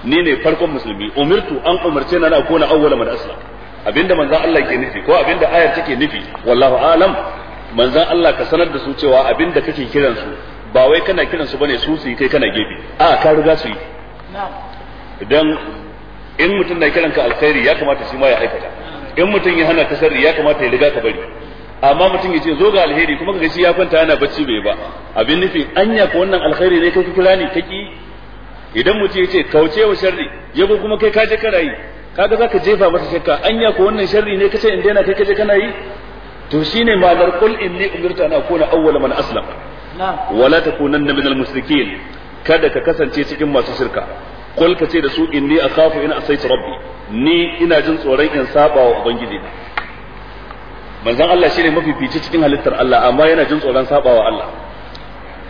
ni ne farkon musulmi umirtu an umarce na na kona awwala man aslam abinda manzon Allah ke nufi ko abinda ayar take nufi wallahu alam manzon Allah ka sanar da su cewa abinda kake kiran su ba wai kana kiran su bane su su yi kai kana gefe a ka riga su yi idan in mutum na kiranka alkhairi ya kamata shi ma ya aikata in mutum ya hana kasari ya kamata ya riga ka bari amma mutum ya ce zo ga alheri kuma ka shi ya kwanta yana bacci bai ba abin nufi anya ko wannan alkhairi ne kai kira ni kaki idan mutum ya ce kauce wa sharri ya ko kuma kai ka je kana yi kaga zaka jefa masa shakka anya ko wannan sharri ne kace in daina kai ka je kana yi to shine malar qul inni umirtu an akuna awwala man aslama wala takunanna minal musrikin kada ka kasance cikin masu shirka qul ka da su inni akhafu in asaitu rabbi ni ina jin tsoron in saba wa ubangiji na manzon Allah shine mafifici cikin halittar Allah amma yana jin tsoron saba wa Allah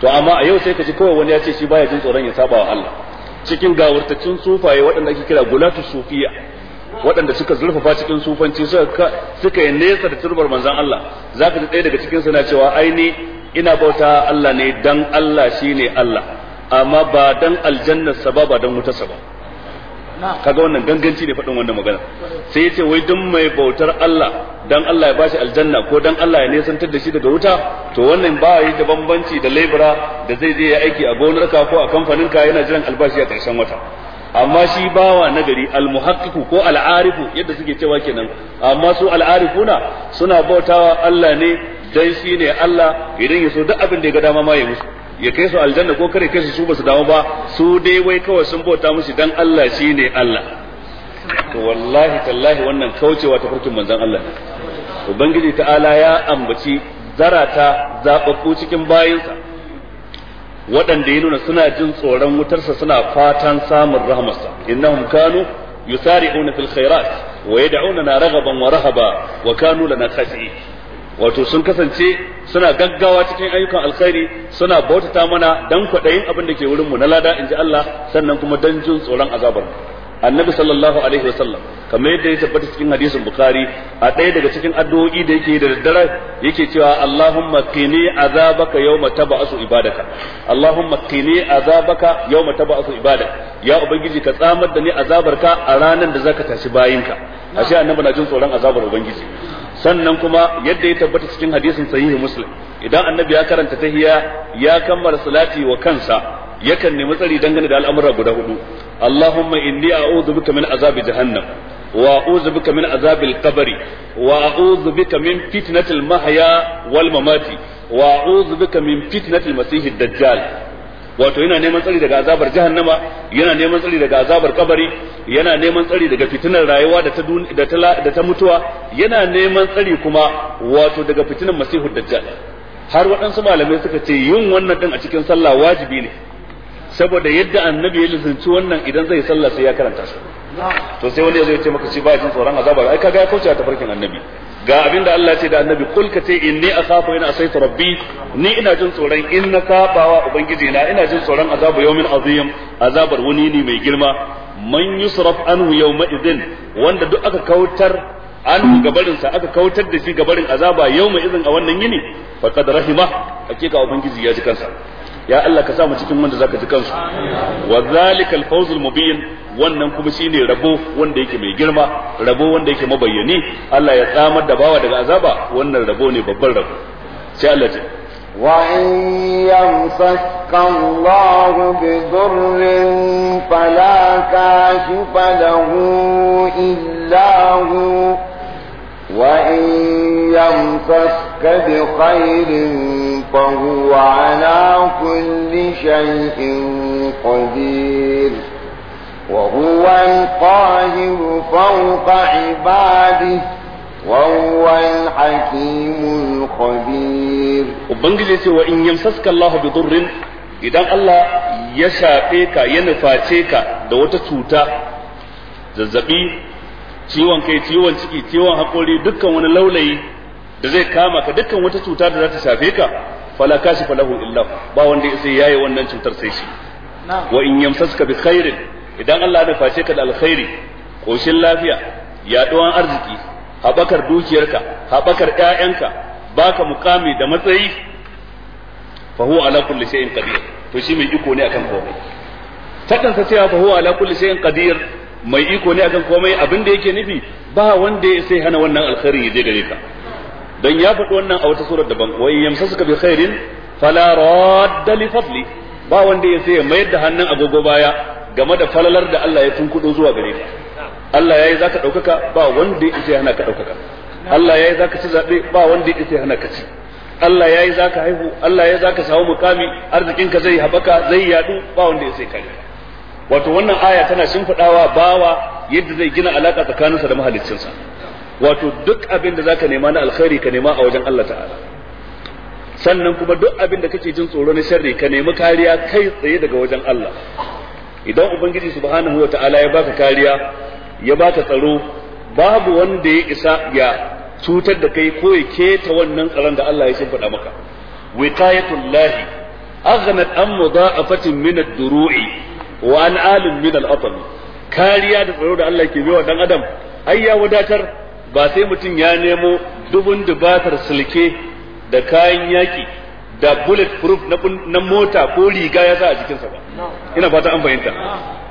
to amma a yau sai ka ji wani ya ce shi baya jin tsoron ya saba wa Allah cikin gawurtaccen sufaye waɗanda ake kira gulatu sufiya waɗanda suka zurfafa cikin sufanci suka yi nesa da turbar manzan Allah za ka ji ɗaya daga cikin suna cewa aini ina bauta Allah ne dan Allah shi ne Allah amma ba dan aljannar sa ba dan wutar ba kaga wannan ganganci ne faɗin wannan magana sai ya ce wai duk mai bautar Allah dan Allah ya bashi aljanna ko dan Allah ya nesantar da shi daga wuta to wannan ba yi da bambanci da laibura da zai je ya aiki a gonarka ko a kamfanin ka yana jiran albashi a ƙarshen wata amma shi bawa na gari almuhaqqiqu ko al'arifu yadda suke cewa kenan amma su al'arifuna suna bautawa Allah ne dan shi ne Allah idan ya so duk abin da ya ga dama ma ya musu ya kai su aljanna ko kare kai su su basu dawo ba su dai wai kawai sun bauta musu dan Allah shine Allah to wallahi tallahi wannan kaucewa ta farkin manzon Allah ne ubangiji ta'ala ya ambaci zarata zababbu cikin bayinsa waɗanda ya nuna suna jin tsoron wutarsa suna fatan samun rahamarsa innahum kanu yusari'una fil khairat wa yad'una raghaban wa rahaba wa kanu lana khashi'in wato sun kasance suna gaggawa cikin ayyukan alkhairi suna bautata mana dan kwaɗayin abin da ke wurinmu na lada in ji Allah sannan kuma dan jin tsoron azabar annabi sallallahu alaihi wasallam kamar yadda ya tabbata cikin hadisin bukhari a ɗaya daga cikin addu'o'i da yake da daddare yake cewa allahumma qini azabaka yawma tab'asu ibadaka allahumma qini azabaka yawma tab'asu ibadaka ya ubangiji ka tsamar da ni azabarka a ranar da zaka tashi bayinka ashe annabi na jin tsoron azabar ubangiji sannan kuma yadda ya tabbata cikin hadisin sahihi muslim idan annabi ya karanta tahiyya ya kammala salati wa kansa yakan nemi tsari dangane da al'amura guda hudu allahumma inni a'udhu bika min azabi jahannam wa a'udhu bika min azabil qabri wa a'udhu bika min fitnatil mahya wal mamati wa a'udhu bika min fitnatil masiihid dajjal wato yana neman tsari daga azabar jahannama yana neman tsari daga azabar kabari yana neman tsari daga fitinar rayuwa da ta da ta mutuwa yana neman tsari kuma wato daga fitinar masihud dajjal har waɗansu malamai suka ce yin wannan din a cikin sallah wajibi ne saboda yadda annabi ya lisanci wannan idan zai sallah sai ya karanta su to sai wani ya zo ce maka shi ba jin tsoron azabar ai kaga ya kauce ta farkin annabi ga abin da Allah ce da annabi kul ka ce inni akhafu ina asaitu rabbi ni ina jin tsoron in na sabawa ubangiji na ina jin tsoron azabu yawmin azim azabar wani ne mai girma man yusraf anhu yawma idin wanda duk aka kautar an gabarin sa aka kautar da shi gabarin azaba yawma idin a wannan yini faqad rahima hakika ubangiji ya ji kansa ya Allah ka sa mu cikin wanda zaka ji kansu wa zalikal fawzul mubin wannan kuma shine rabo wanda yake mai girma rabo wanda yake mabayyani Allah ya tsamar da bawa daga azaba wannan rabo ne babban rabo sai Allah ce وإن بخير فهو على كل شيء قدير وهو القاهر فوق عباده وهو الحكيم الخبير وبنجي سي وان يمسسك الله بضر إذا الله ya shafe ka ya nuface ka da ciwon kai ciwon ciki ciwon haƙori dukkan wani laulayi da zai kama ka dukkan wata cuta da za ta shafe ka fala kashifa lahu illa ba wanda sai yayi wannan cutar sai shi wa in yamsaska bi khairin idan Allah ya face ka da alkhairi koshin lafiya yaduwan arziki habakar dukiyarka habakar ƴaƴanka baka mukami da matsayi fa huwa ala kulli shay'in qadir to shi mai iko ne akan komai takan sa cewa fa huwa ala kulli shay'in qadir mai iko ne akan komai abin da yake nufi ba wanda ya sai hana wannan alkhairi ya je gare ka dan ya faɗi wannan a wata surar daban wa yamsasuka bi khairin fala radda li fadli ba wanda ya sai mayar da hannun agogo baya game da falalar da Allah ya tunkudo zuwa gare ka Allah yayi zaka daukaka ba wanda ya sai hana ka daukaka Allah yayi zaka ci zabe ba wanda ya sai hana ka ci Allah yayi zaka haihu Allah yayi zaka samu mukami arzikin ka zai habaka zai yadu ba wanda ya sai kare wato wannan aya tana shimfidawa bawa yadda zai gina alaka tsakaninsa da mahaliccinsa wato duk abin da zaka nema na alkhairi ka nema a wajen Allah ta'ala sannan kuma duk abin da kake jin tsoro na sharri ka nemi kariya kai tsaye daga wajen Allah idan ubangiji subhanahu wa ta'ala ya baka kariya ya baka tsaro babu wanda ya isa ya cutar da kai ko ya keta wannan tsaron da Allah ya shimfiɗa maka lahi aghnat an mudha'afatin min ad-duru'i wa an min al-atami kariya da tsaro da Allah ke bai wa dan adam ai ya wadatar ba sai mutum ya nemo dubun dubatar silke da kayan yaki da bullet proof na mota ko riga ya sa a jikinsa ba ina fata an fahimta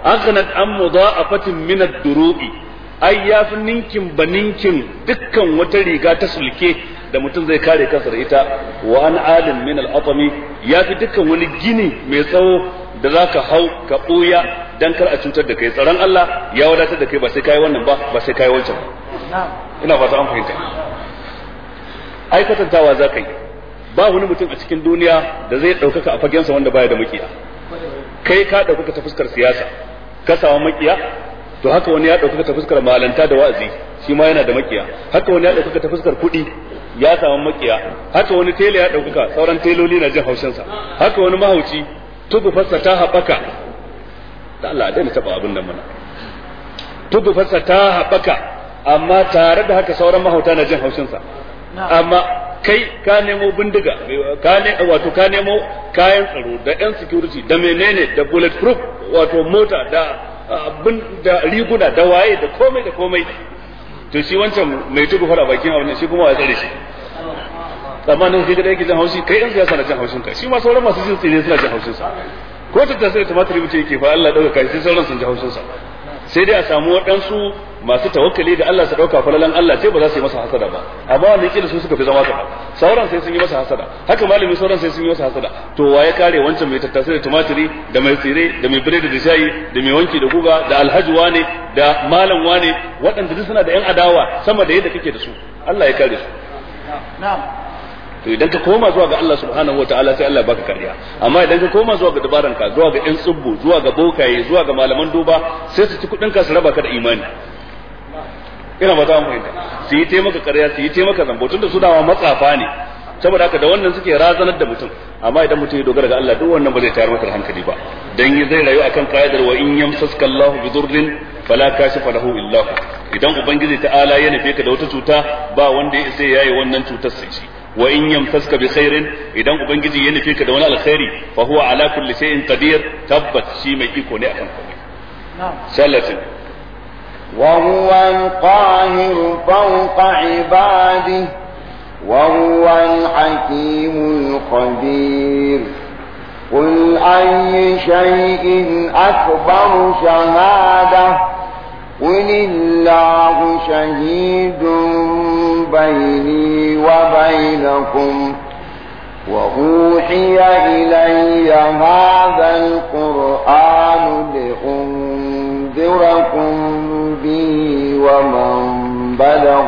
an kana an a fatin minar durui ai ya fi ninkin ba ninkin dukkan wata riga ta sulke da mutum zai kare kansa da ita wa an alin min al ya fi dukkan wani gini mai tsawo da za ka hau ka ɓoya dan kar a cutar da kai tsaron Allah ya wadatar da kai ba sai kai wannan ba ba sai kai wancan ina fata an fahimta ai katantawa za ka yi ba wani mutum a cikin duniya da zai ɗaukaka a fagensa wanda baya da makiya kai ka ɗaukaka ta fuskar siyasa ka samu makiya to haka wani ya ɗaukaka ta fuskar malanta da wa'azi shi ma yana da makiya haka wani ya ɗaukaka ta fuskar kuɗi ya samu makiya haka wani tele ya ɗaukaka sauran teloli na jin haushinsa haka wani mahauci tubu fassa ta haɓaka da Allah da taba abin nan mana tudu fasa ta haɓaka amma tare da haka sauran mahauta na jin haushin sa amma kai ka nemo bindiga ka ne wato ka nemo kayan tsaro da yan security da menene da bullet proof wato mota da abin da riguna da waye da komai da komai to shi wancan mai tudu fara bakin abin shi kuma ya tsare shi nan kai da yake jin haushi kai yan siyasa na jin haushin ka shi ma sauran masu jin tsire suna jin haushin sa ko ta tasiri tumatir mutum yake fa Allah dauka kai sai sauran sun ji haushin sa sai dai a samu waɗansu masu tawakkali da Allah su dauka falalan Allah sai ba za su yi masa hasada ba amma wannan kila su suka fi zama kaɗan sauran sai sun yi masa hasada haka malami sauran sai sun yi masa hasada to wa ya kare wancan mai tattasai da tumatiri da mai tsire da mai biredi da shayi da mai wanki da guga da alhaji wane da malam wane waɗanda duk suna da yan adawa sama da yadda kake da su Allah ya kare su na'am to idan ka koma zuwa ga Allah subhanahu wataala sai Allah baka kariya amma idan ka koma zuwa ga dabaran ka zuwa ga yan tsubbu zuwa ga bokaye zuwa ga malaman duba sai su ci kudin ka su raba ka da imani ina ba ta fahimta su yi taimaka kariya su yi taimaka zambo tunda su dawa matsafa ne saboda haka da wannan suke razanar da mutum amma idan mutum ya dogara ga Allah duk wannan ba zai tayar masa hankali ba dan yi zai rayu akan qaidar wa in yamsaka Allah bi dhurrin fala kashifa lahu illa hu idan ubangiji ta'ala ya nufe ka da wata cuta ba wanda ya sai yayi wannan cutar sai shi wa in yamsaska bi khairin idan ubangiji ya nufi ka da wani alkhairi fa huwa ala kulli shay'in qadir tabbat shi mai iko ne akan komai sallatin وهو القاهر فوق عباده وهو الحكيم الخبير قل أي شيء أكبر شهادة قل الله شهيد بيني وبينكم وأوحي إلي هذا القرآن لأنذركم به ومن بلغ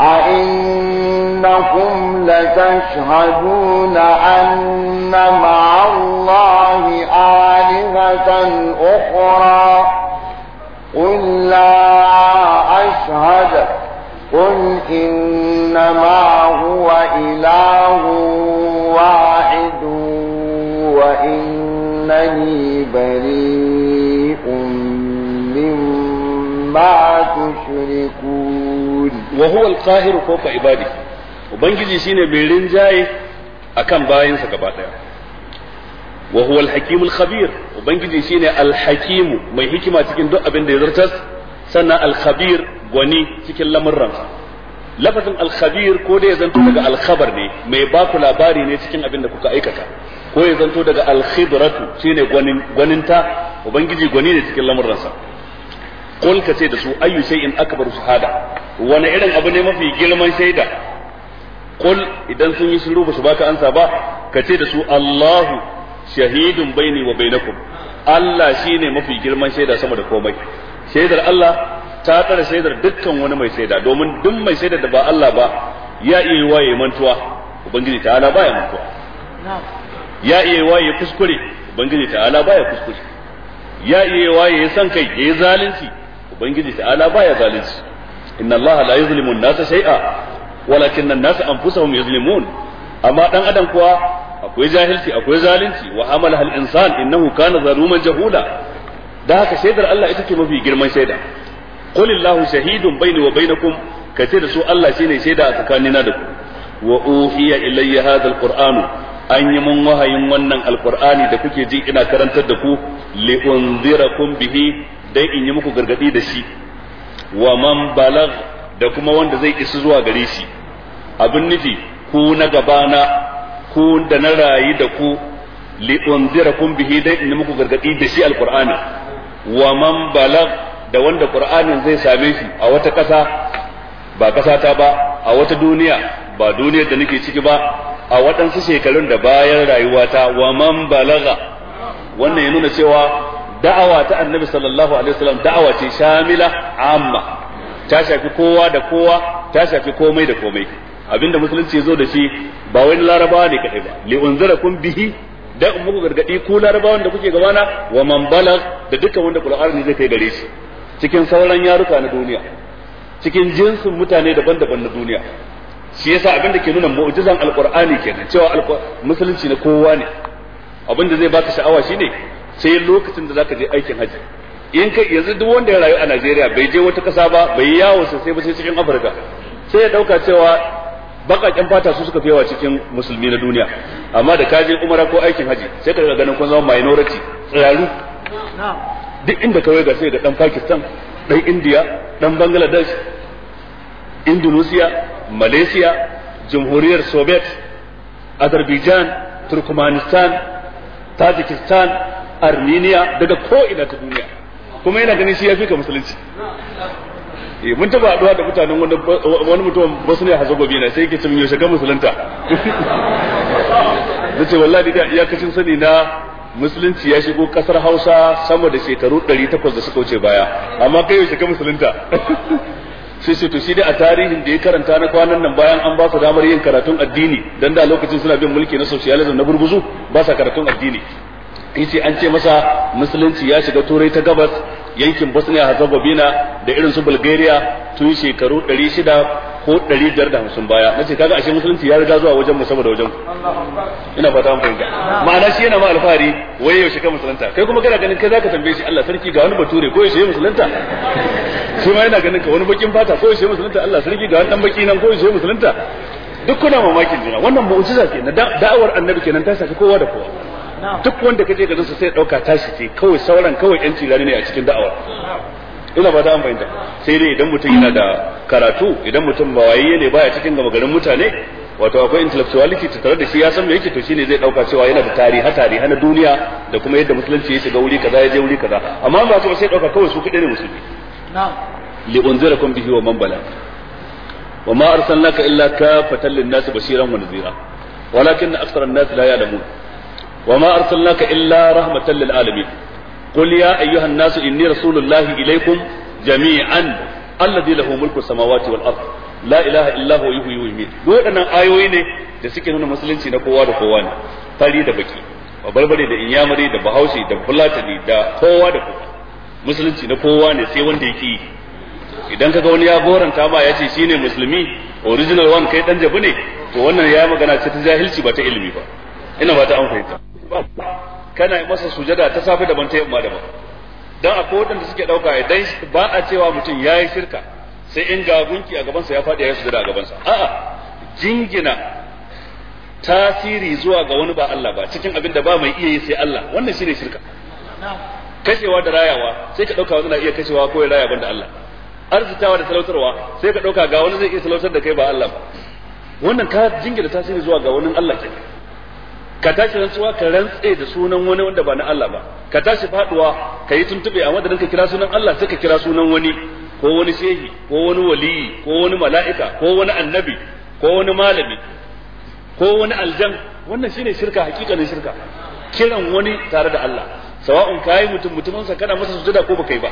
أئنكم لتشهدون أن مع الله آلهة أخرى قل لا أشهد قل إنما هو إله واحد وإنني بريء مما تشركون وهو القاهر فوق عباده وبنجي شيني بيرين جاي أكم باين سكبات وهو الحكيم الخبير وبنجي شيني الحكيم ما يحكي ما تكن دو أبن دي sannan al-khabir gwani cikin lamurransa lafazin al ko da ya zanto daga al ne mai ba ku labari ne cikin abin da kuka aikata ko ya zanto daga al-khibratu shine gwanin gwaninta ubangiji gwani ne cikin lamurransa qul ka ce da su ayyu shay'in akbaru shahada wani irin abu ne mafi girman shaida kul idan sun yi shiru ba su baka ansa ba ka ce da su Allahu shahidun baini wa bainakum Allah shine mafi girman shaida sama da komai shaidar Allah ta tsara shaidar dukkan wani mai shaida domin duk mai shaidar da ba Allah ba ya iya yi waye mantuwa ubangiji ala baya mantuwa ya iya yi waye kuskure ubangiji ala baya kuskure ya iya yi waye san kai yi zalunci ubangiji ala baya zalunci inna Allah la yuzlimu an-nasa shay'a walakin an-nasa anfusahum yuzlimun amma dan adam kuwa akwai jahilci akwai zalunci wa amala al-insan innahu kana zaluman jahula da haka shaidar Allah ita ce mafi girman shaida qulillahu shahidun baini wa bainakum kace da su Allah shine shaida a tsakanina da ku wa uhiya ilayya hadha alqur'anu an yi mun wahayin wannan alqur'ani da kuke ji ina karantar da ku li unzirakum bihi dai in yi muku gargadi da shi wa man da kuma wanda zai isa zuwa gare shi abin nufi ku na gabana ku da na rayu da ku li unzirakum bihi dai in yi muku gargadi da shi alqur'ani wa man balag da wanda qur'anin zai same shi a wata ƙasa ba ƙasa ta ba a wata duniya ba duniyar da nake ciki ba a waɗansu shekarun da bayan rayuwata wa man balaga wannan ya nuna cewa da'awa ta annabi sallallahu alaihi wasallam da'awa ce shamila amma ta shafi kowa da kowa ta shafi komai da komai abinda musulunci zo da shi ba wani laraba ne kadai ba li unzirakum bihi da in muku gargadi ku larabawan da kuke gabana wa man balag da dukkan wanda qur'ani zai kai gare shi cikin sauran yaruka na duniya cikin jinsin mutane daban-daban na duniya shi yasa abin da ke nuna mu'jizan alqur'ani kenan cewa musulunci ne kowa ne abin da zai baka sha'awa shine sai lokacin da zaka je aikin haji in kai yanzu duk wanda ya rayu a Najeriya bai je wata kasa ba bai yawo sosai ba sai cikin Afirka sai ya dauka cewa Baƙaƙen fata su suka fiyawa cikin musulmi na duniya amma da ka umara ko aikin haji sai ka ga ganin kun zama minority tsiraru duk inda ka kawai ga sai ga dan Pakistan dan India dan Bangladesh Indonesia Malaysia Jamhuriyar Soviet Azerbaijan Turkmenistan Tajikistan Armenia daga ko ina ta duniya kuma yana ganin shi ya ka musulunci Eh, mun taba haduwa da mutanen wani wani mutum basu ne hazagobi na sai yake cin yaushe ga musulunta nace wallahi da iyakacin sani na musulunci ya shigo kasar Hausa sama da shekaru 800 da suka wuce baya amma kai yaushe ga musulunta sai sai to shi dai a tarihin da ya karanta na kwanan nan bayan an ba su damar yin karatun addini dan da lokacin suna bin mulki na socialism na burguzu ba sa karatun addini yace an ce masa musulunci ya shiga turai ta gabas yankin bosnia herzegovina da irin su bulgaria tun shekaru 600 ko 550 baya Na ce kaga ashe musulunci ya riga zuwa wajen mu saboda wajen ina fata an fahimta ma'ana shi yana ma alfahari waye yaushe ka musulunta kai kuma kana ganin kai zaka tambaye shi Allah sarki ga wani bature ko yaushe musulunta shi ma yana ganin ka wani bakin fata ko yaushe musulunta Allah sarki ga wani dan baki nan ko yaushe musulunta duk kuna mamakin juna wannan mu'jiza ke na da'awar annabi kenan ta shafi kowa da kowa duk wanda kaje garin su sai dauka tashi ce kawai sauran kawai yan cilani ne a cikin da'awar ina ba ta an bayyana sai dai idan mutum yana da karatu idan mutum ba waye ne baya cikin gama garin mutane wato akwai intellectuality tattare da shi ya san me yake to shine zai dauka cewa yana da tarihi tariha na duniya da kuma yadda musulunci ya shiga wuri kaza ya je wuri kaza amma ba su sai dauka kawai su kudi ne musulmi na'am li unzirakum bihi wa man bala wa ma arsalnaka illa kafatan lin nas bashiran wa nadhira walakin aktsara an-nasi la ya'lamun وما أرسلناك إلا رحمة للعالمين قل يا أيها الناس إني رسول الله إليكم جميعا الذي له ملك السماوات والأرض la ilaha illa هو يحيي ويميت ودنا duk ayoyi ne da suke nuna musulunci na kowa da kowa ne fari da baki barbare da inyamare da bahaushe da bulatani da kowa da kowa musulunci na kowa ne sai wanda yake yi idan kaga wani ya goranta ma ya ce shine musulmi original one kai dan jabu ne to wannan ya magana ce ta jahilci ba ta ilimi ba ina ba ta an fahimta kana masa sujada ta safe daban ta yamma daban dan akwai waɗanda suke ɗauka idan ba a cewa mutum ya yi shirka sai in ga gunki a gabansa ya faɗi ya yi sujada a gabansa a'a jingina tasiri zuwa ga wani ba Allah ba cikin abin da ba mai iya yi sai Allah wannan shine shirka kashewa da rayawa sai ka ɗauka wani na iya kashewa ko ya raya banda Allah arzitawa da talautarwa sai ka ɗauka ga wani zai iya talautar da kai ba Allah ba wannan ka jingina tasiri zuwa ga wani Allah kenan ka tashi rantsuwa ka rantse da sunan wani wanda ba na Allah ba ka tashi faduwa ka yi tuntube a madadin ka kira sunan Allah sai ka kira sunan wani ko wani shehi ko wani waliyi ko wani mala'ika ko wani annabi ko wani malami ko wani aljan wannan shine shirka hakikanin shirka kiran wani tare da Allah sawa'un kai mutum mutumansa kana masa sujada ko baka yi ba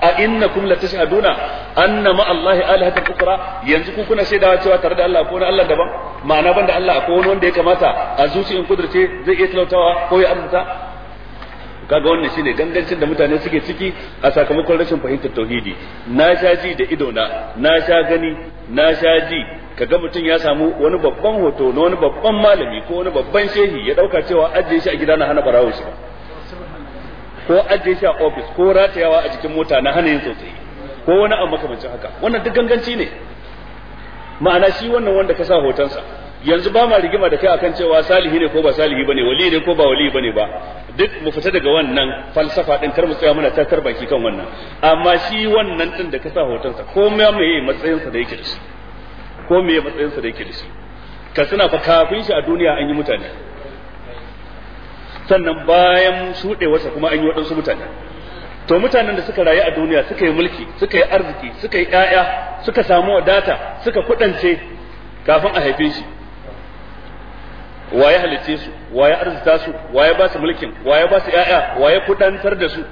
a inna shi latashhaduna anna ma allahi alihatan kukura yanzu ku kuna shaidawa cewa tare da Allah ko na Allah daban ma'ana banda Allah ko wani wanda ya kamata a zuci in kudurce zai iya talautawa ko ya amsa kaga wannan shine gangancin da mutane suke ciki a sakamakon rashin fahimtar tauhidi na sha ji da ido na na sha gani na sha ji kaga mutum ya samu wani babban hoto na wani babban malami ko wani babban shehi ya dauka cewa ajiye shi a gida na hana barawo shi ko ajiye shi a ofis ko ratayawa a jikin mota na hana yin tsotsayi ko wani abu makamancin haka wannan duk ganganci ne ma'ana shi wannan wanda ka sa hotonsa yanzu ba ma rigima da kai akan cewa salihi ne ko ba salihi bane wali ne ko ba wali bane ba duk mu fita daga wannan falsafa din kar mu tsaya muna tatar ki kan wannan amma shi wannan din da ka sa hotonsa ko me me matsayin sa da yake da shi ko me matsayin sa da yake da shi ka suna fa kafin shi a duniya an yi mutane sannan bayan wasa kuma an yi waɗansu mutane to mutanen da suka rayu a duniya suka yi mulki suka yi arziki suka yi ƴaƴa suka samu wadata suka kuɗance kafin a haife shi waye halice su waye arzita su waye ba su mulkin waye ba su ƴaƴa waye kuɗantar da su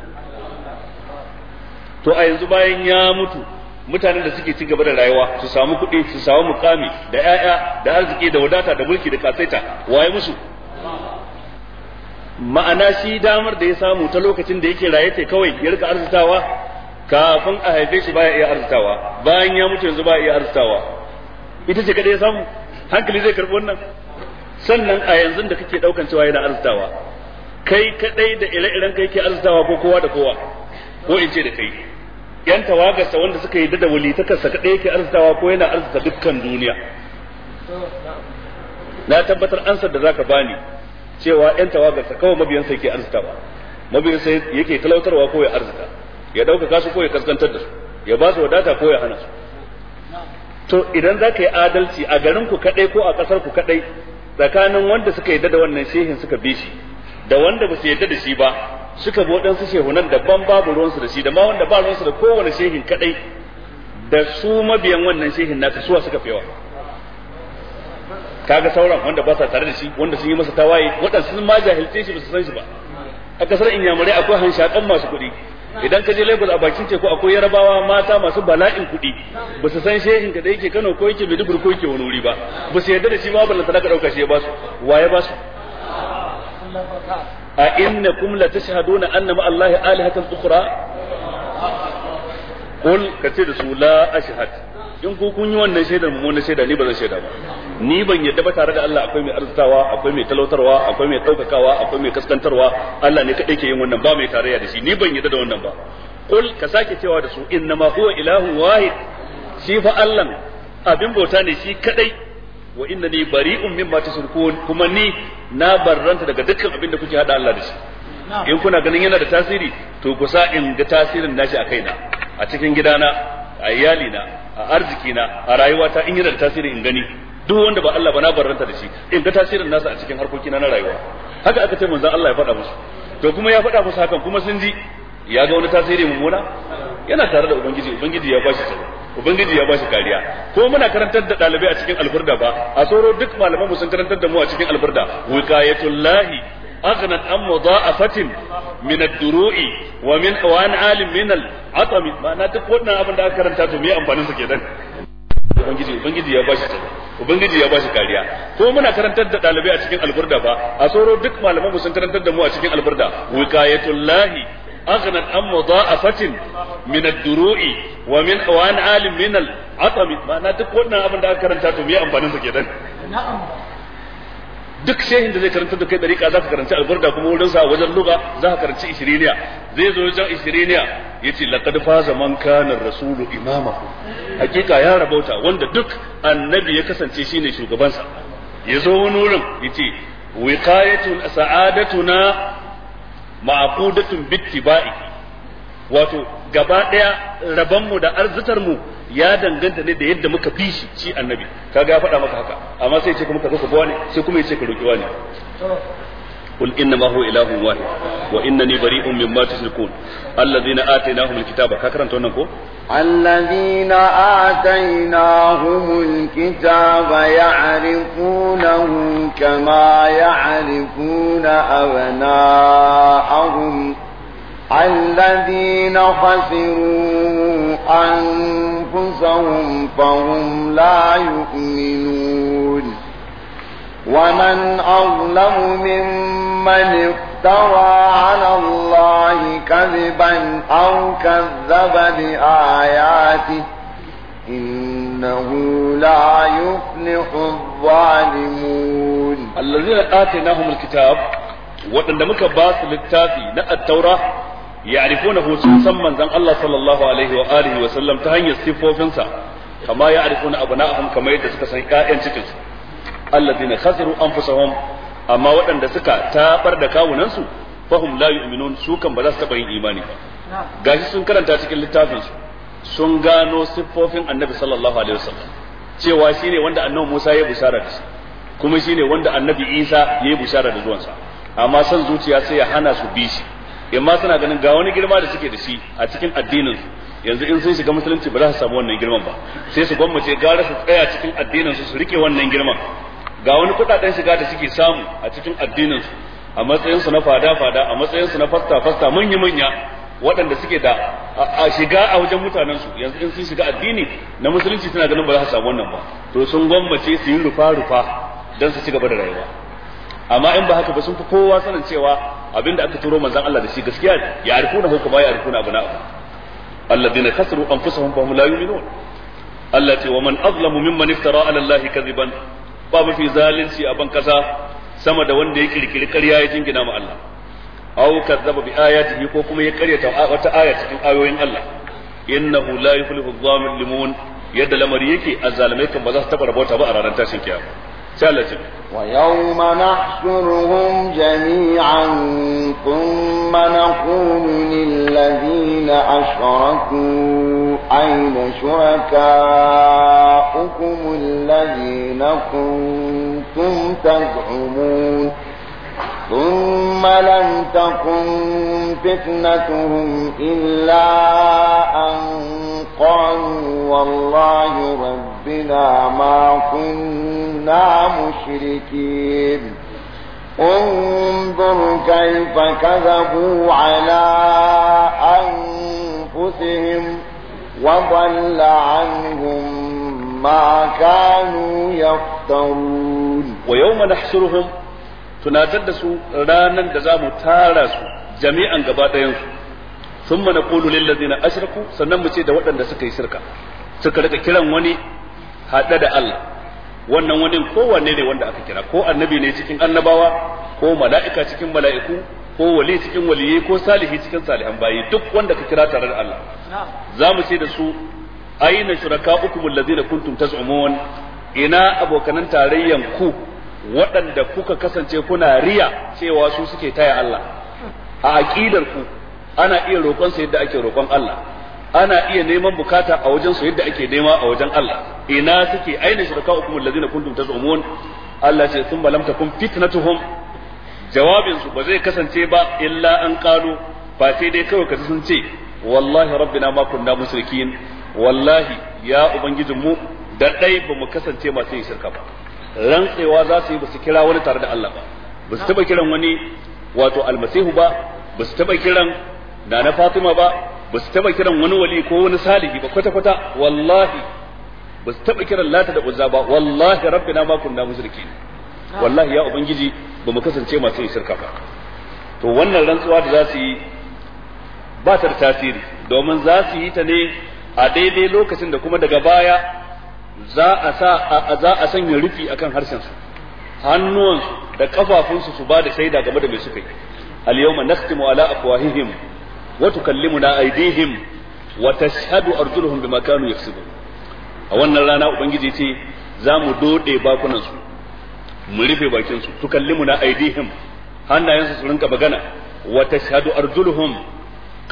to a yanzu bayan ya mutu mutanen da suke ci gaba da rayuwa su samu kuɗi su samu mukami da ƴaƴa da arziki da wadata da mulki da kasaita waye musu ma'ana shi damar da ya samu ta lokacin da yake raye ce kawai ya rika arzutawa kafin a haife shi baya iya arzutawa bayan ya mutu yanzu baya iya arzutawa ita ce kada ya samu hankali zai karɓi wannan sannan a yanzu da kake daukan cewa yana arzutawa kai kadai da ire-iren kai ke arzutawa ko kowa da kowa ko in ce da kai yan tawagarsa wanda suka yi da walitakarsa kadai yake arzutawa ko yana arzuta dukkan duniya na tabbatar ansar da zaka bani cewa yan tawagarsa kawai mabiyansa yake arzikawa mabiyansa yake talautarwa ko ya arzika ya ɗaukaka su ko ya kaskantar da su ya ba su wadata ko ya hana su to idan za ka yi adalci a garin ku kaɗai ko a ƙasar ku kaɗai tsakanin wanda suka yadda da wannan shehin suka bi shi da wanda ba su yadda da shi ba suka bi waɗansu shehunan daban babu ruwansu da shi da ma wanda ba ruwansu da kowane shehin kaɗai da su mabiyan wannan shehin naka suwa suka fi yawa kaga sauran wanda ba sa tare da shi wanda sun yi masa tawaye waɗansu sun ma jahilce shi ba su san shi ba a kasar inyamurai akwai hanshakan masu kuɗi idan ka je Lagos a bakin teku akwai yarabawa mata masu bala'in kuɗi ba su san shehin ka da yake Kano ko yake Maiduguri ko yake wani wuri ba ba su yarda da shi ba lantana ka dauka shi ya basu waye basu a inna kum la tashhaduna anna ma Allahi alihatan ukhra qul kace da su la ashhadu in ko kun yi wannan shaidar mu na shaida ni ba zan shaida ba ni ban yadda ba tare da Allah akwai mai arzutawa akwai mai talautarwa akwai mai daukakawa akwai mai kaskantarwa Allah ne kadai ke yin wannan ba mai tarayya da shi ni ban yadda da wannan ba kul ka sake cewa da su inna ma huwa ilahu wahid shi fa Allah abin bauta ne shi kadai wa ni bari'un mimma tusrikun kuma ni na barranta daga dukkan abin da kuke hada Allah da shi in kuna ganin yana da tasiri to kusa in ga tasirin nashi a kaina a cikin gidana a iyali na a arziki na a rayuwata in yana da tasiri in gani duk wanda ba Allah ba na barranta da shi in ga tasirin nasa a cikin harkokina na rayuwa haka aka ce manzon Allah ya faɗa musu to kuma ya faɗa musu hakan kuma sun ji ya ga wani tasiri mummuna yana tare da ubangiji ubangiji ya bashi tsaro ubangiji ya bashi kariya ko muna karantar da dalibai a cikin alburda ba a soro duk malaman mu sun karantar da mu a cikin alburda wiqayatullahi أغنت عن مضاعفة من الدروع ومن وعن عالم من العطم ما نتك ودنا أبن دا كرمتا تمي أمفانين سكيدان ubangiji ubangiji ya bashi tsaro ubangiji ya bashi kariya ko muna karantar da dalibai a cikin alburda fa a soro duk malaman mu sun karantar da mu a cikin alburda wiqayatullahi aghnat an mudha'afatin min ad-duru'i wa min awan alim min al-atami ma na duk wannan abin da aka karanta to me amfanin sa kenan na'am duk shehin da zai karanta da kai dariƙa zaka karanci alburda kuma wurin sa wajen lugha zaka karanci ishiriniya zai zo wajen ishiriniya yace laqad faza man kana rasulu imama hakika ya rabauta wanda duk annabi ya kasance shine shugabansa ya zo wani wurin yace na sa'adatuna ma'qudatun bittiba'i wato gaba ɗaya raban mu da arzitar mu ya danganta ne da yadda muka bi shi ci annabi ka ya faɗa maka haka amma sai ce kuma ka zo ka sai kuma ya ce ka roki wani قل انما هو اله واحد وانني بريء مما تشركون الذين اتيناهم الكتاب كاكرنت wannan ko الذين اتيناهم الكتاب يعرفونه كما يعرفون ابناءهم الذين خسروا أنفسهم فهم لا يؤمنون ومن أظلم ممن افترى على الله كذبا أو كذب بآياته إنه لا يفلح الظالمون الذين آتيناهم الكتاب وأن مك باس للتافي لا التوراة ya'rifunahu sun san manzon Allah sallallahu alaihi wa alihi wa sallam ta hanyar sifofinsa kama ya'rifuna abna'ahum kamar yadda suka san ƴaƴan cikin su an khasiru anfusahum amma waɗanda suka taɓar da kawunansu fahum la yu'minun su kan ba za su taɓa yin imani ba gashi sun karanta cikin littafin sun gano siffofin annabi sallallahu alaihi cewa shine wanda annabi Musa ya bushara da shi kuma shine wanda annabi Isa ya yi bushara da zuwansa amma san zuciya sai ya hana su bi shi imma suna ganin ga wani girma da suke da shi a cikin addinin su yanzu in sun shiga musulunci ba za su samu wannan girman ba sai su gwammace gara su tsaya cikin addinin su su rike wannan girman ga wani kudaden shiga da suke samu a cikin addinin su a matsayin su na fada fada a matsayin su na fasta fasta manya manya waɗanda suke da a shiga a wajen mutanen su yanzu in sun shiga addini na musulunci suna ganin ba za su samu wannan ba to sun gwammace su yi rufa rufa don su ci gaba da rayuwa amma in ba haka ba sun fi kowa sanin cewa abinda aka turo manzon Allah da shi gaskiya ne ya arkuna ko kuma ya arkuna na abu alladheena kasaru anfusahum fa hum la yu'minun Allah ce wa man azlamu mimman iftara ala Allah kadhiban ba mafi zalunci a ban kasa sama da wanda ya kirkiri ƙarya ya jingina ma Allah aw kadzaba bi ayatihi ko kuma ya karyata wata aya cikin ayoyin Allah innahu la yuflihu adh-dhalimun yadda lamari yake azzalimai kan ba za su taba rabota ba a ranar tashin kiyama ثالثا ويوم نحشرهم جميعا ثم نقول للذين أشركوا أين شركاؤكم الذين كنتم تزعمون ثم لم تكن فتنتهم إلا أن قالوا والله ربنا ما كنا مشركين انظر كيف كذبوا على أنفسهم وضل عنهم ما كانوا يفترون ويوم نحشرهم tunatar da su ranar da za mu tara su jami'an gaba ɗayansu sun mana kulu na ashirku sannan mu ce da waɗanda suka yi shirka suka rika kiran wani haɗe da Allah wannan wani kowanne ne wanda aka kira ko annabi ne cikin annabawa ko mala'ika cikin mala'iku ko wali cikin waliyai ko salihi cikin salihan bayi duk wanda ka kira tare da Allah za mu ce da su aina shuraka'ukum allazina kuntum taz'umun ina abokanan tarayyan ku waɗanda kuka kasance kuna riya cewa su suke taya Allah a aƙidar ku ana iya roƙon su yadda ake roƙon Allah ana iya neman bukata a wajen su yadda ake nema a wajen Allah ina suke aina shirkaukum alladhina kuntum tazumun Allah ce thumma kun takun fitnatuhum jawabin su ba zai kasance ba illa an qalu fa sai dai kawai kaji sun ce wallahi rabbina ma kunna mushrikin wallahi ya ubangijinmu da dai bamu kasance masu yin shirka ba rantsewa za su yi ba su kira wani tare da Allah ba ba su taba kiran wani wato almasihu ba ba su taba kiran nana fatima ba ba su taba kiran wani wali ko wani salihi ba kwata kwata wallahi ba su taba kiran lata da uzza ba wallahi rabbina ma kunna mushrikin wallahi ya ubangiji ba mu kasance masu yin shirka ba to wannan rantsuwa da za su yi ba ta tasiri domin za su yi ta ne a daidai lokacin da kuma daga baya za a sa za a sanya rufi akan harshen su hannuwan da kafafun su su bada shaida game da mai suka yi al yawma nakhtimu ala afwahihim wa tukallimuna aydihim wa tashhadu arjuluhum bima kanu yaksubu a wannan rana ubangiji ce za mu dode bakunan su mu rufe bakin su tukallimuna aydihim hannayen su rinka magana wa tashhadu arjuluhum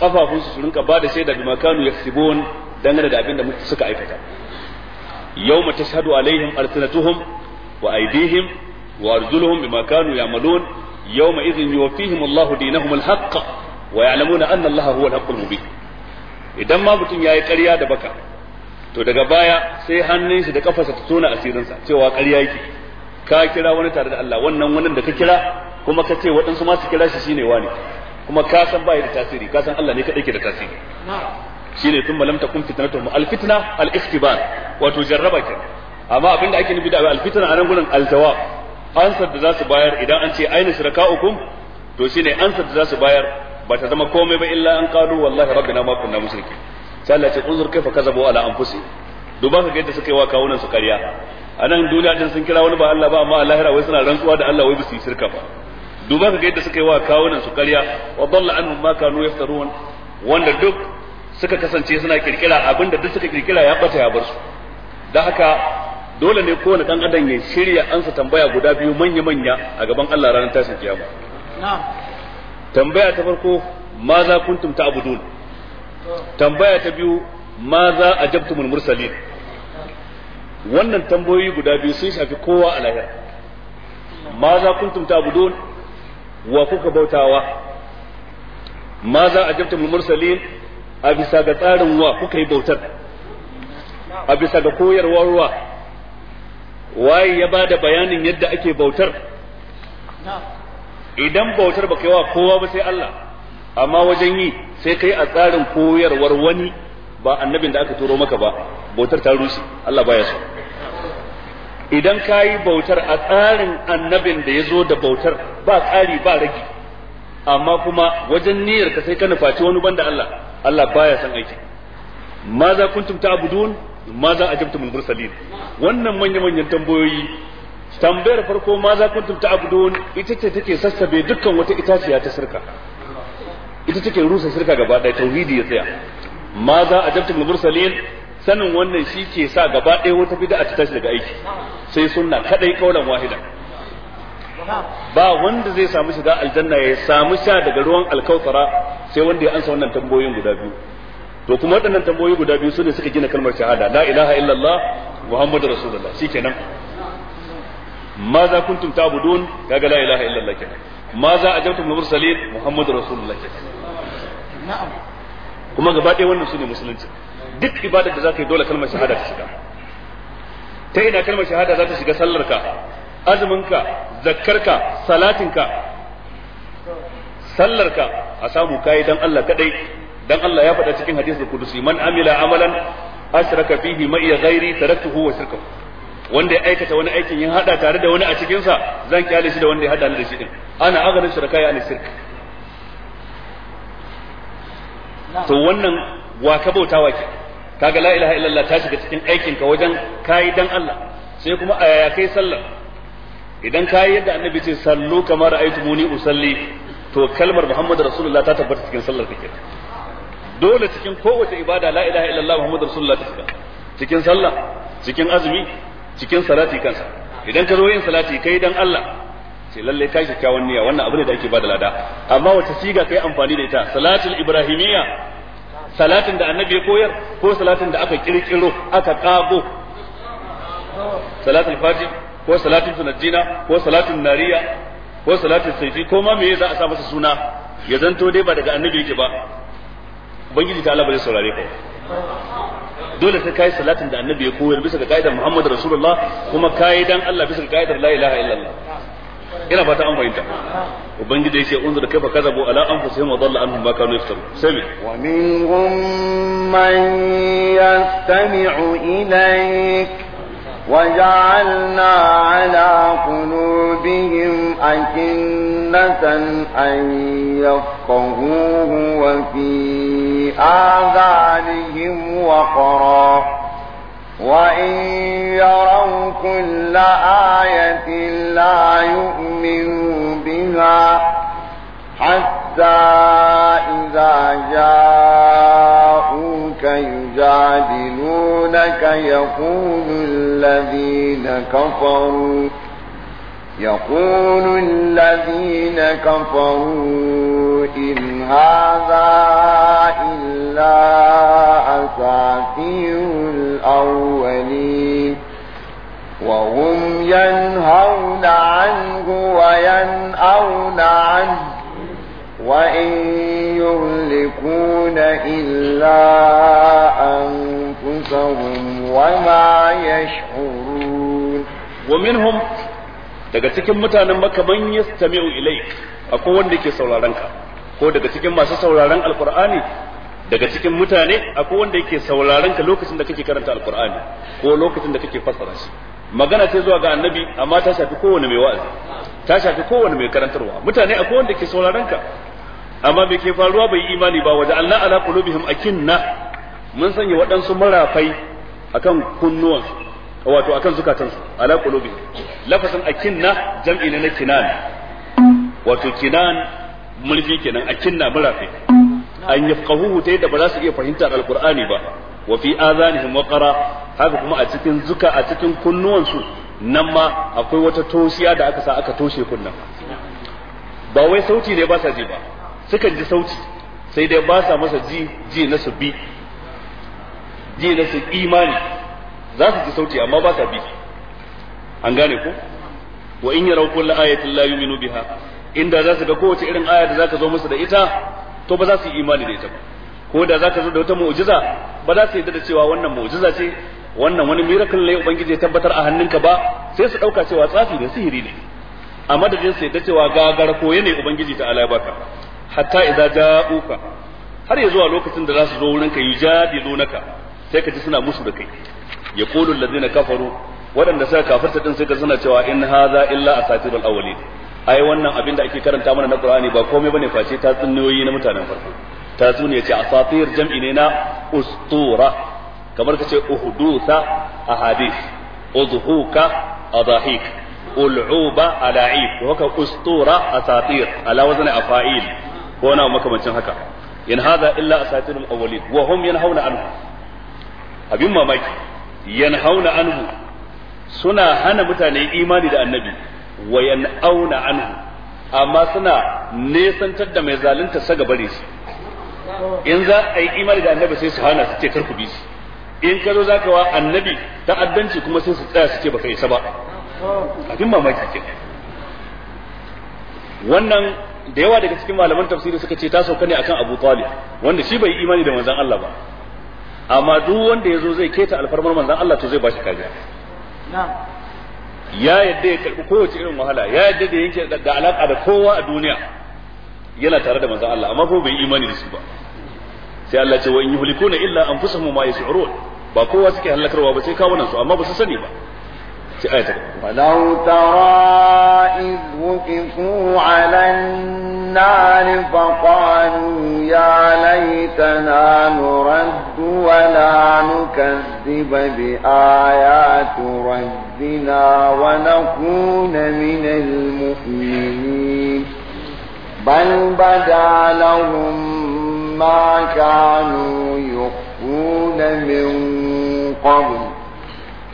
kafafun su rinka bada shaida bima kanu yaksubun dangane da abin da suka aikata yawma tashhadu alaihim alsinatuhum wa aydihim wa arjuluhum bima kanu ya'malun yawma idhin yuwaffihim Allahu dinahum alhaqqa wa ya'lamuna anna idan ma mutum ya yi ƙarya da baka to daga baya sai hannun shi da kafarsa ta tona asirinsa cewa ƙarya yake ka kira wani tare da Allah wannan wannan da ka kira kuma ka ce waɗansu masu su kira shi shine wani kuma ka san bai da tasiri ka san Allah ne kaɗai ke da tasiri shine tun malam takun fitnatuhum al fitna al ikhtibar wato jarraba ke amma abin da ake nufi da alfitna fitna anan gurin al ansar da za su bayar idan an ce aina shiraka'ukum to shine ansar da za su bayar ba ta zama komai ba illa an qalu wallahi rabbina ma kunna mushrikin sai Allah ya ce unzur kaifa kazabu ala anfusihim duba ka ga yadda suka yi wa kawunan su kariya? a nan duniya din sun kira wani ba Allah ba amma a lahira wai suna rantsuwa da Allah wai ba su yi shirka ba duba ka ga yadda suka yi wa kawunan su kariya wa dalla anhum ma kanu yaftarun wanda duk suka kasance suna kirkira abin da duk suka kirkira ya bata ya bar su don haka dole ne kowane dan adam ya shirya ansa tambaya guda biyu manya-manya a gaban Allah ranar tashin kiyama tambaya ta farko ma za kuntum ta abudun tambaya ta biyu ma za a jabtumul mursalin wannan tambayoyi guda biyu sun shafi kowa a lahira ma za kuntum ta abudun wa kuka bautawa ma za a jabtumul mursalin a bisa ga tsarin wa kuka yi bautar a bisa ga koyarwar wa waye ya bada bayanin yadda ake bautar idan bautar baka yi wa kowa ba sai Allah amma wajen yi sai kai a tsarin koyarwar wani ba annabin da aka turo maka ba bautar ta rushe Allah baya so idan ka yi bautar a tsarin annabin da ya zo da bautar ba tsari ba ragi amma kuma wajen niyyar ka sai ka nufaci wani banda Allah Allah baya san aiki Ma za kuntum ta'budun maza ajabtumul mursalin wannan manya manyan tambayoyi tambayar farko ma za kuntum abudun ita ce take sassabe dukkan wata itaciya ta shirka ita take rusa shirka gaba ɗaya tauhidi ya tsaya maza ajabtumul mursalin sanin wannan shi ke sa gaba ɗaya wata bid'a ta tashi daga aiki sai sunna kadai kaulan wahida ba wanda zai samu shiga aljanna ya samu sha daga ruwan alkautara sai wanda ya ansa wannan tambayoyin guda biyu to kuma waɗannan tambayoyi guda biyu su ne suka gina kalmar shahada la ilaha illallah muhammadu rasulullah shikenan ma za kuntum ta'budun kaga la ilaha illallah kenan ma za ajabtum mursalin muhammadu rasulullah kenan na'am kuma gaba ɗaya wannan su ne musulunci duk ibadar da zaka yi dole kalmar shahada ta shiga ta ina kalmar shahada za ta shiga sallarka azuminka zakkarka salatinka sallarka a samu kayi dan Allah kadai dan Allah ya faɗa cikin hadisul qudusi man amila amalan asraka fihi ma iya ghairi taraktuhu wa shirkahu wanda ya aikata wani aikin yin hada tare da wani a cikin sa zan kyale shi da wanda ya hada ni da shi din ana agarin shirka ya shirka to wannan wa ka wa ki kaga la ilaha illallah ta shiga cikin aikin ka wajen kai dan Allah sai kuma a yaya kai sallar idan ka yi yadda annabi ce sallu kamar aitumuni usalli to kalmar muhammadu rasulullah ta tabbata cikin sallar kake dole cikin kowace ibada la ilaha illallah muhammadu rasulullah ta shiga cikin sallah cikin azumi cikin salati kansa idan ka zo yin salati kai dan Allah ce lalle kai kyakkyawan niyya wannan abu ne da ake bada lada amma wata siga kai amfani da ita salatul ibrahimiyya salatin da annabi ya koyar ko salatin da aka kirkiro aka kago salatul fatih ko salatin tunajjina ko salatin nariya ko salatin saifi ko ma me za a sa masa suna ya zanto dai ba daga annabi yake ba ubangiji ta Allah bai zai saurare ka dole sai kai salatin da annabi ya koyar bisa ga kaidar Muhammadu Rasulullah kuma kai dan Allah bisa ga kaidar la ilaha illallah ina fata an fahimta ubangiji yace unzur kaifa kazabu ala anfusihim wa dhalla anhum ma kanu yaftarun sami wa minhum man yastami'u ilayk وجعلنا على قلوبهم أكنة أن يفقهوه وفي آذانهم وقرا وإن يروا كل آية لا يؤمنوا بها حتى إذا جاءوا يقول الذين كفروا يقول الذين كفروا إن هذا إلا أساطير الأولين وهم ينهون عنه وينأون عنه وإن يهلكون إلا أنفسهم أنفسهم وما يشعرون ومنهم daga cikin mutanen maka man yastami'u ilaik akwai wanda yake sauraron ka ko daga cikin masu sauraron alqur'ani daga cikin mutane akwai wanda yake sauraron ka lokacin da kake karanta alqur'ani ko lokacin da kake fassara shi magana ce zuwa ga annabi amma ta shafi kowane mai wa'azi ta shafi kowane mai karantarwa mutane akwai wanda ke sauraron ka amma me ke faruwa bai imani ba waje Allah ala qulubihim akinna mun sanya waɗansu marafai a kan kunnuwansu wato a kan zukatansu ala lafasan a akinna jam'i ne na kinan wato kinan mulki a kinna marafai an kahuhu ta yadda ba za su iya fahimtar alqur'ani ba wa fi azanihim waqara haka kuma a cikin zuka a cikin kunnuwansu nan ma akwai wata toshiya da aka sa aka toshe kunnan ba wai sauti ne ba sa ji ba sukan ji sauti sai dai ba sa masa ji ji na su bi ji na su imani za su ji sauti amma ba sa bi an gane ko wa in yaraw kullu ayatin la yu'minu biha inda za su ga kowace irin aya da zaka zo musu da ita to ba za su yi imani da ita ba ko da zaka zo da wata mu'jiza ba za su yarda da cewa wannan mu'jiza ce wannan wani miracle ne ubangiji ya tabbatar a hannunka ba sai su dauka cewa tsafi da sihiri ne a madadin sai yarda cewa gagar koye ne ubangiji ta ala baka hatta idza ja'uka har ya zuwa lokacin da za su zo wurinka yujadilunaka sai ka ji suna musu da kai ya qulu allazina kafaru waɗanda suka kafirta din sai ka suna cewa in hadha illa asatirul awwalin ai wannan abin da ake karanta mana na qur'ani ba komai bane face ta tsinniyoyi na mutanen farko ta tsuniya ce asatir jam'i ne na ustura kamar kace uhdusa ahadith udhuka adahik ul'uba ala'ib to haka ustura asatir ala wazn afa'il ko na makamancin haka in hadha illa asatirul awwalin wa hum yanhauna anhu abin mamaki yan hauna anhu suna hana mutane imani da annabi wa yan auna anhu amma suna nesantar da mai zalunta saga bare shi in za a yi imani da annabi sai su hana su ce kar ku bi shi in ka zo zaka wa annabi ta'addanci kuma sai su tsaya su ce baka isa ba abin mamaki ke wannan da yawa daga cikin malaman tafsiri suka ce ta sauka ne akan Abu Talib wanda shi bai imani da manzon Allah ba amma duk wanda ya zo zai keta alfarmar manzan Allah to zai bashi kaji kariya ya yadda ya karbi kowace irin wahala ya yadda da yanke da alaka da kowa a duniya yana tare da manzan Allah amma ko bai imani da su ba sai Allah ce wa in yuhlikuna illa anfusahum ma yas'urun ba kowa suke halakarwa ba sai kawunan su amma ba su sani ba آية ولو ترى إذ وقفوا على النار فقالوا يا ليتنا نرد ولا نكذب بآيات ربنا ونكون من المؤمنين بل بدا لهم ما كانوا يخفون من قبل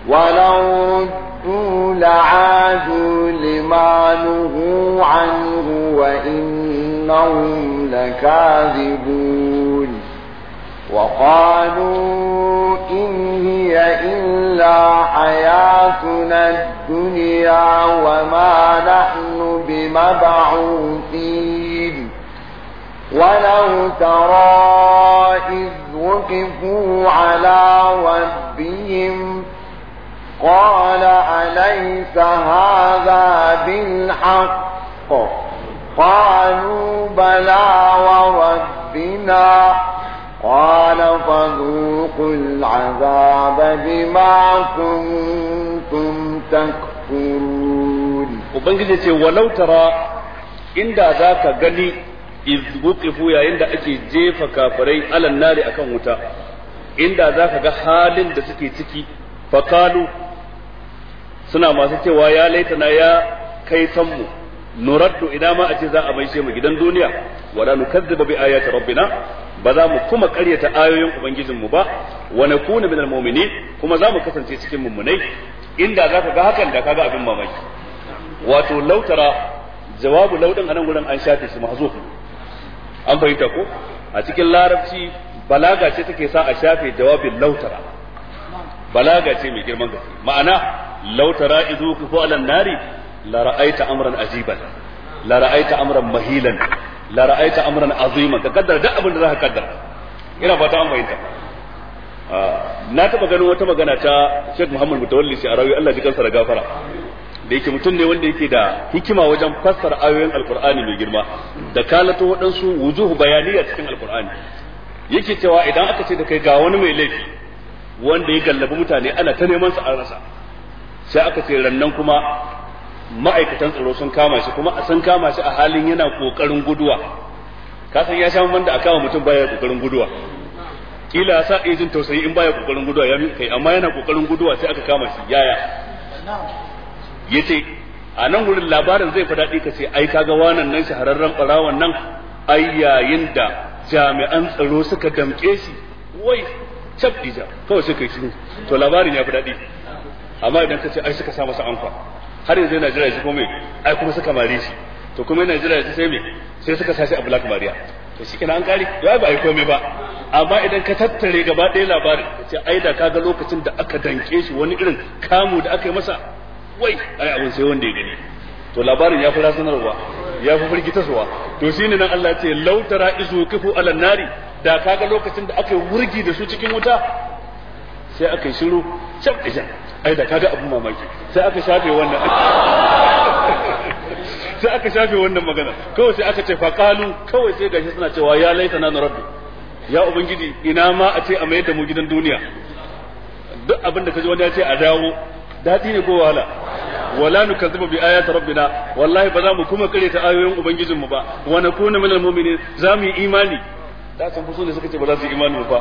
ولو إنكم لعادوا لما نهوا عنه وإنهم لكاذبون وقالوا إن هي إلا حياتنا الدنيا وما نحن بمبعوثين ولو ترى إذ وقفوا على ربهم قال أليس هذا بالحق قالوا بلى وربنا قال فذوقوا العذاب بما كنتم تكفرون وبنجي ولو ترى إن ذاك قلي iz wuqifu yayin da ake jefa kafirai alan nari kan wuta inda zaka ga halin da suke ciki faqalu suna masu cewa ya laitana ya kai sanmu nuraddu idan ma a ce za a maishe mu gidan duniya wala nukazzaba bi ayati rabbina ba za mu kuma karyata ayoyin ubangijinmu ba wa nakuna minal mu'minin kuma za mu kasance cikin mummunai inda za ka ga hakan da kaga abin mamaki wato lautara jawabu laudan anan gurin an shafe shi mahzuf an fahimta ko a cikin larabci balaga ce take sa a shafe jawabin lautara balaga ce mai girman gaske ma'ana law tara idu ku alan nari la ra'aita amran ajiban la ra'aita amran mahilan la ra'aita amran aziman ka kaddara duk abin da zaka kaddara ina fata an bayyana ah, na taba ganin wata magana ta Sheikh Muhammad Mutawalli shi a rawi Allah ji kansa da gafara da yake mutum ne wanda yake da hikima wajen fassara ayoyin alkur'ani mai girma da kalato waɗansu wujuhu bayaniya cikin alkur'ani yake cewa idan aka ce da kai ga wani mai laifi wanda ya gallabi mutane ana ta neman sa an rasa sai aka ce rannan kuma ma'aikatan tsaro sun kama shi kuma a san kama shi a halin yana kokarin guduwa ka san ya sha man da aka kama mutum baya kokarin guduwa kila sa iya jin tausayi in baya kokarin guduwa ya kai amma yana kokarin guduwa sai aka kama shi yaya yace a nan wurin labarin zai faɗaɗi ka ce ai kaga wannan nan shahararren ɓarawon nan ai yayin da jami'an tsaro suka damƙe shi wai cap dija kawai sai kai shiru to labarin ya fi daɗi amma idan ka ce ai suka sa masa amfa har yanzu yana jira shi kuma mai ai kuma suka mare shi to kuma yana jira shi sai mai sai suka sa shi a black maria to shi kenan an kare ya ba yi komai ba amma idan ka tattare gaba ɗaya labarin ka ce ai da kaga lokacin da aka danke shi wani irin kamu da aka yi masa wai ai abin sai wanda ya gani to labarin ya fi rasanarwa ya fi firgitarwa to shine nan Allah ya ce lautara izu kifu alannari. nari da kaga lokacin da aka yi wurgi da su cikin wuta sai aka yi shiru can ijan ai da kaga abin mamaki sai aka shafe wannan sai aka shafe wannan magana kawai sai aka ce faqalu kawai sai gashi suna cewa ya laita na rabbi ya ubangiji ina ma a ce a mayar da mu gidan duniya duk abin da kaji wani ya ce a dawo dadi ne ko wahala wala nu nukazzibu bi ayati rabbina wallahi ba za mu kuma kare ta ayoyin ubangijinmu ba wa nakuna minal mu'minin za mu yi imani da sun fi so ne suka ce ba za su yi imani ba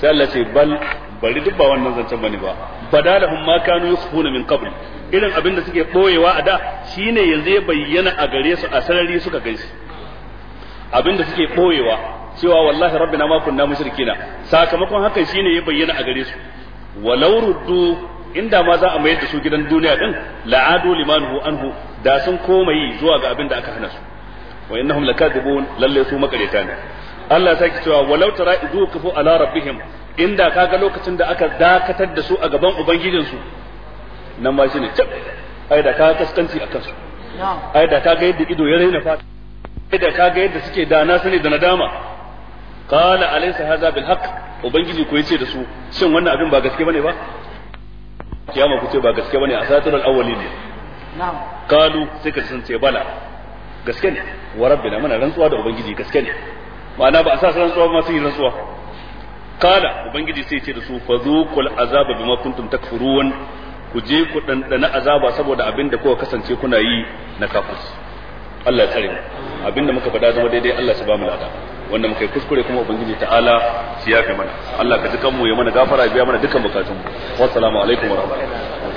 sai Allah ce bal bari duk ba wannan zancen bane ba badalahum ma kanu yusfuna min qabl irin abin da suke boyewa a da shine yanzu ya bayyana a gare su a sarari suka shi abin da suke boyewa cewa wallahi rabbina ma kunna mushrikina sakamakon hakan shine ya bayyana a gare su walau ruddu inda ma za a mayar da su gidan duniya din la'adu limanhu anhu da sun koma yi zuwa ga abin da aka hana su wa innahum lakadibun lalle su makareta ne Allah ya sake cewa walau tara idu kafu ala rabbihim inda kaga lokacin da aka dakatar da su a gaban ubangijin su nan ma shine cip ai da kaga kaskanci akan su ai da kaga yadda ido ya raina fata ai da kaga yadda suke da na sani da nadama qala alaysa hadha bil haqq ubangiji ko yace da su shin wannan abin ba gaske bane ba kiyama ku ce ba gaske bane a satirul awwali ne na'am kalu sai ka sun ce bala gaske ne wa rabbina muna rantsuwa da ubangiji gaske ne ma'ana ba a sa rantsuwa ba sun yi rantsuwa kala ubangiji sai ce da su fa zuqul azaba bima kuntum takfurun ku je ku dandana azaba saboda abin da kuka kasance kuna yi na kafirci Allah ya tsare abin da muka faɗa zama daidai Allah ya ba mu lada wanda muka yi kuskure kuma ubangiji ta'ala shi yafe mana Allah ka ji kanmu ya mana gafara ya biya mana dukkan bukatunmu wassalamu alaikum warahmatullahi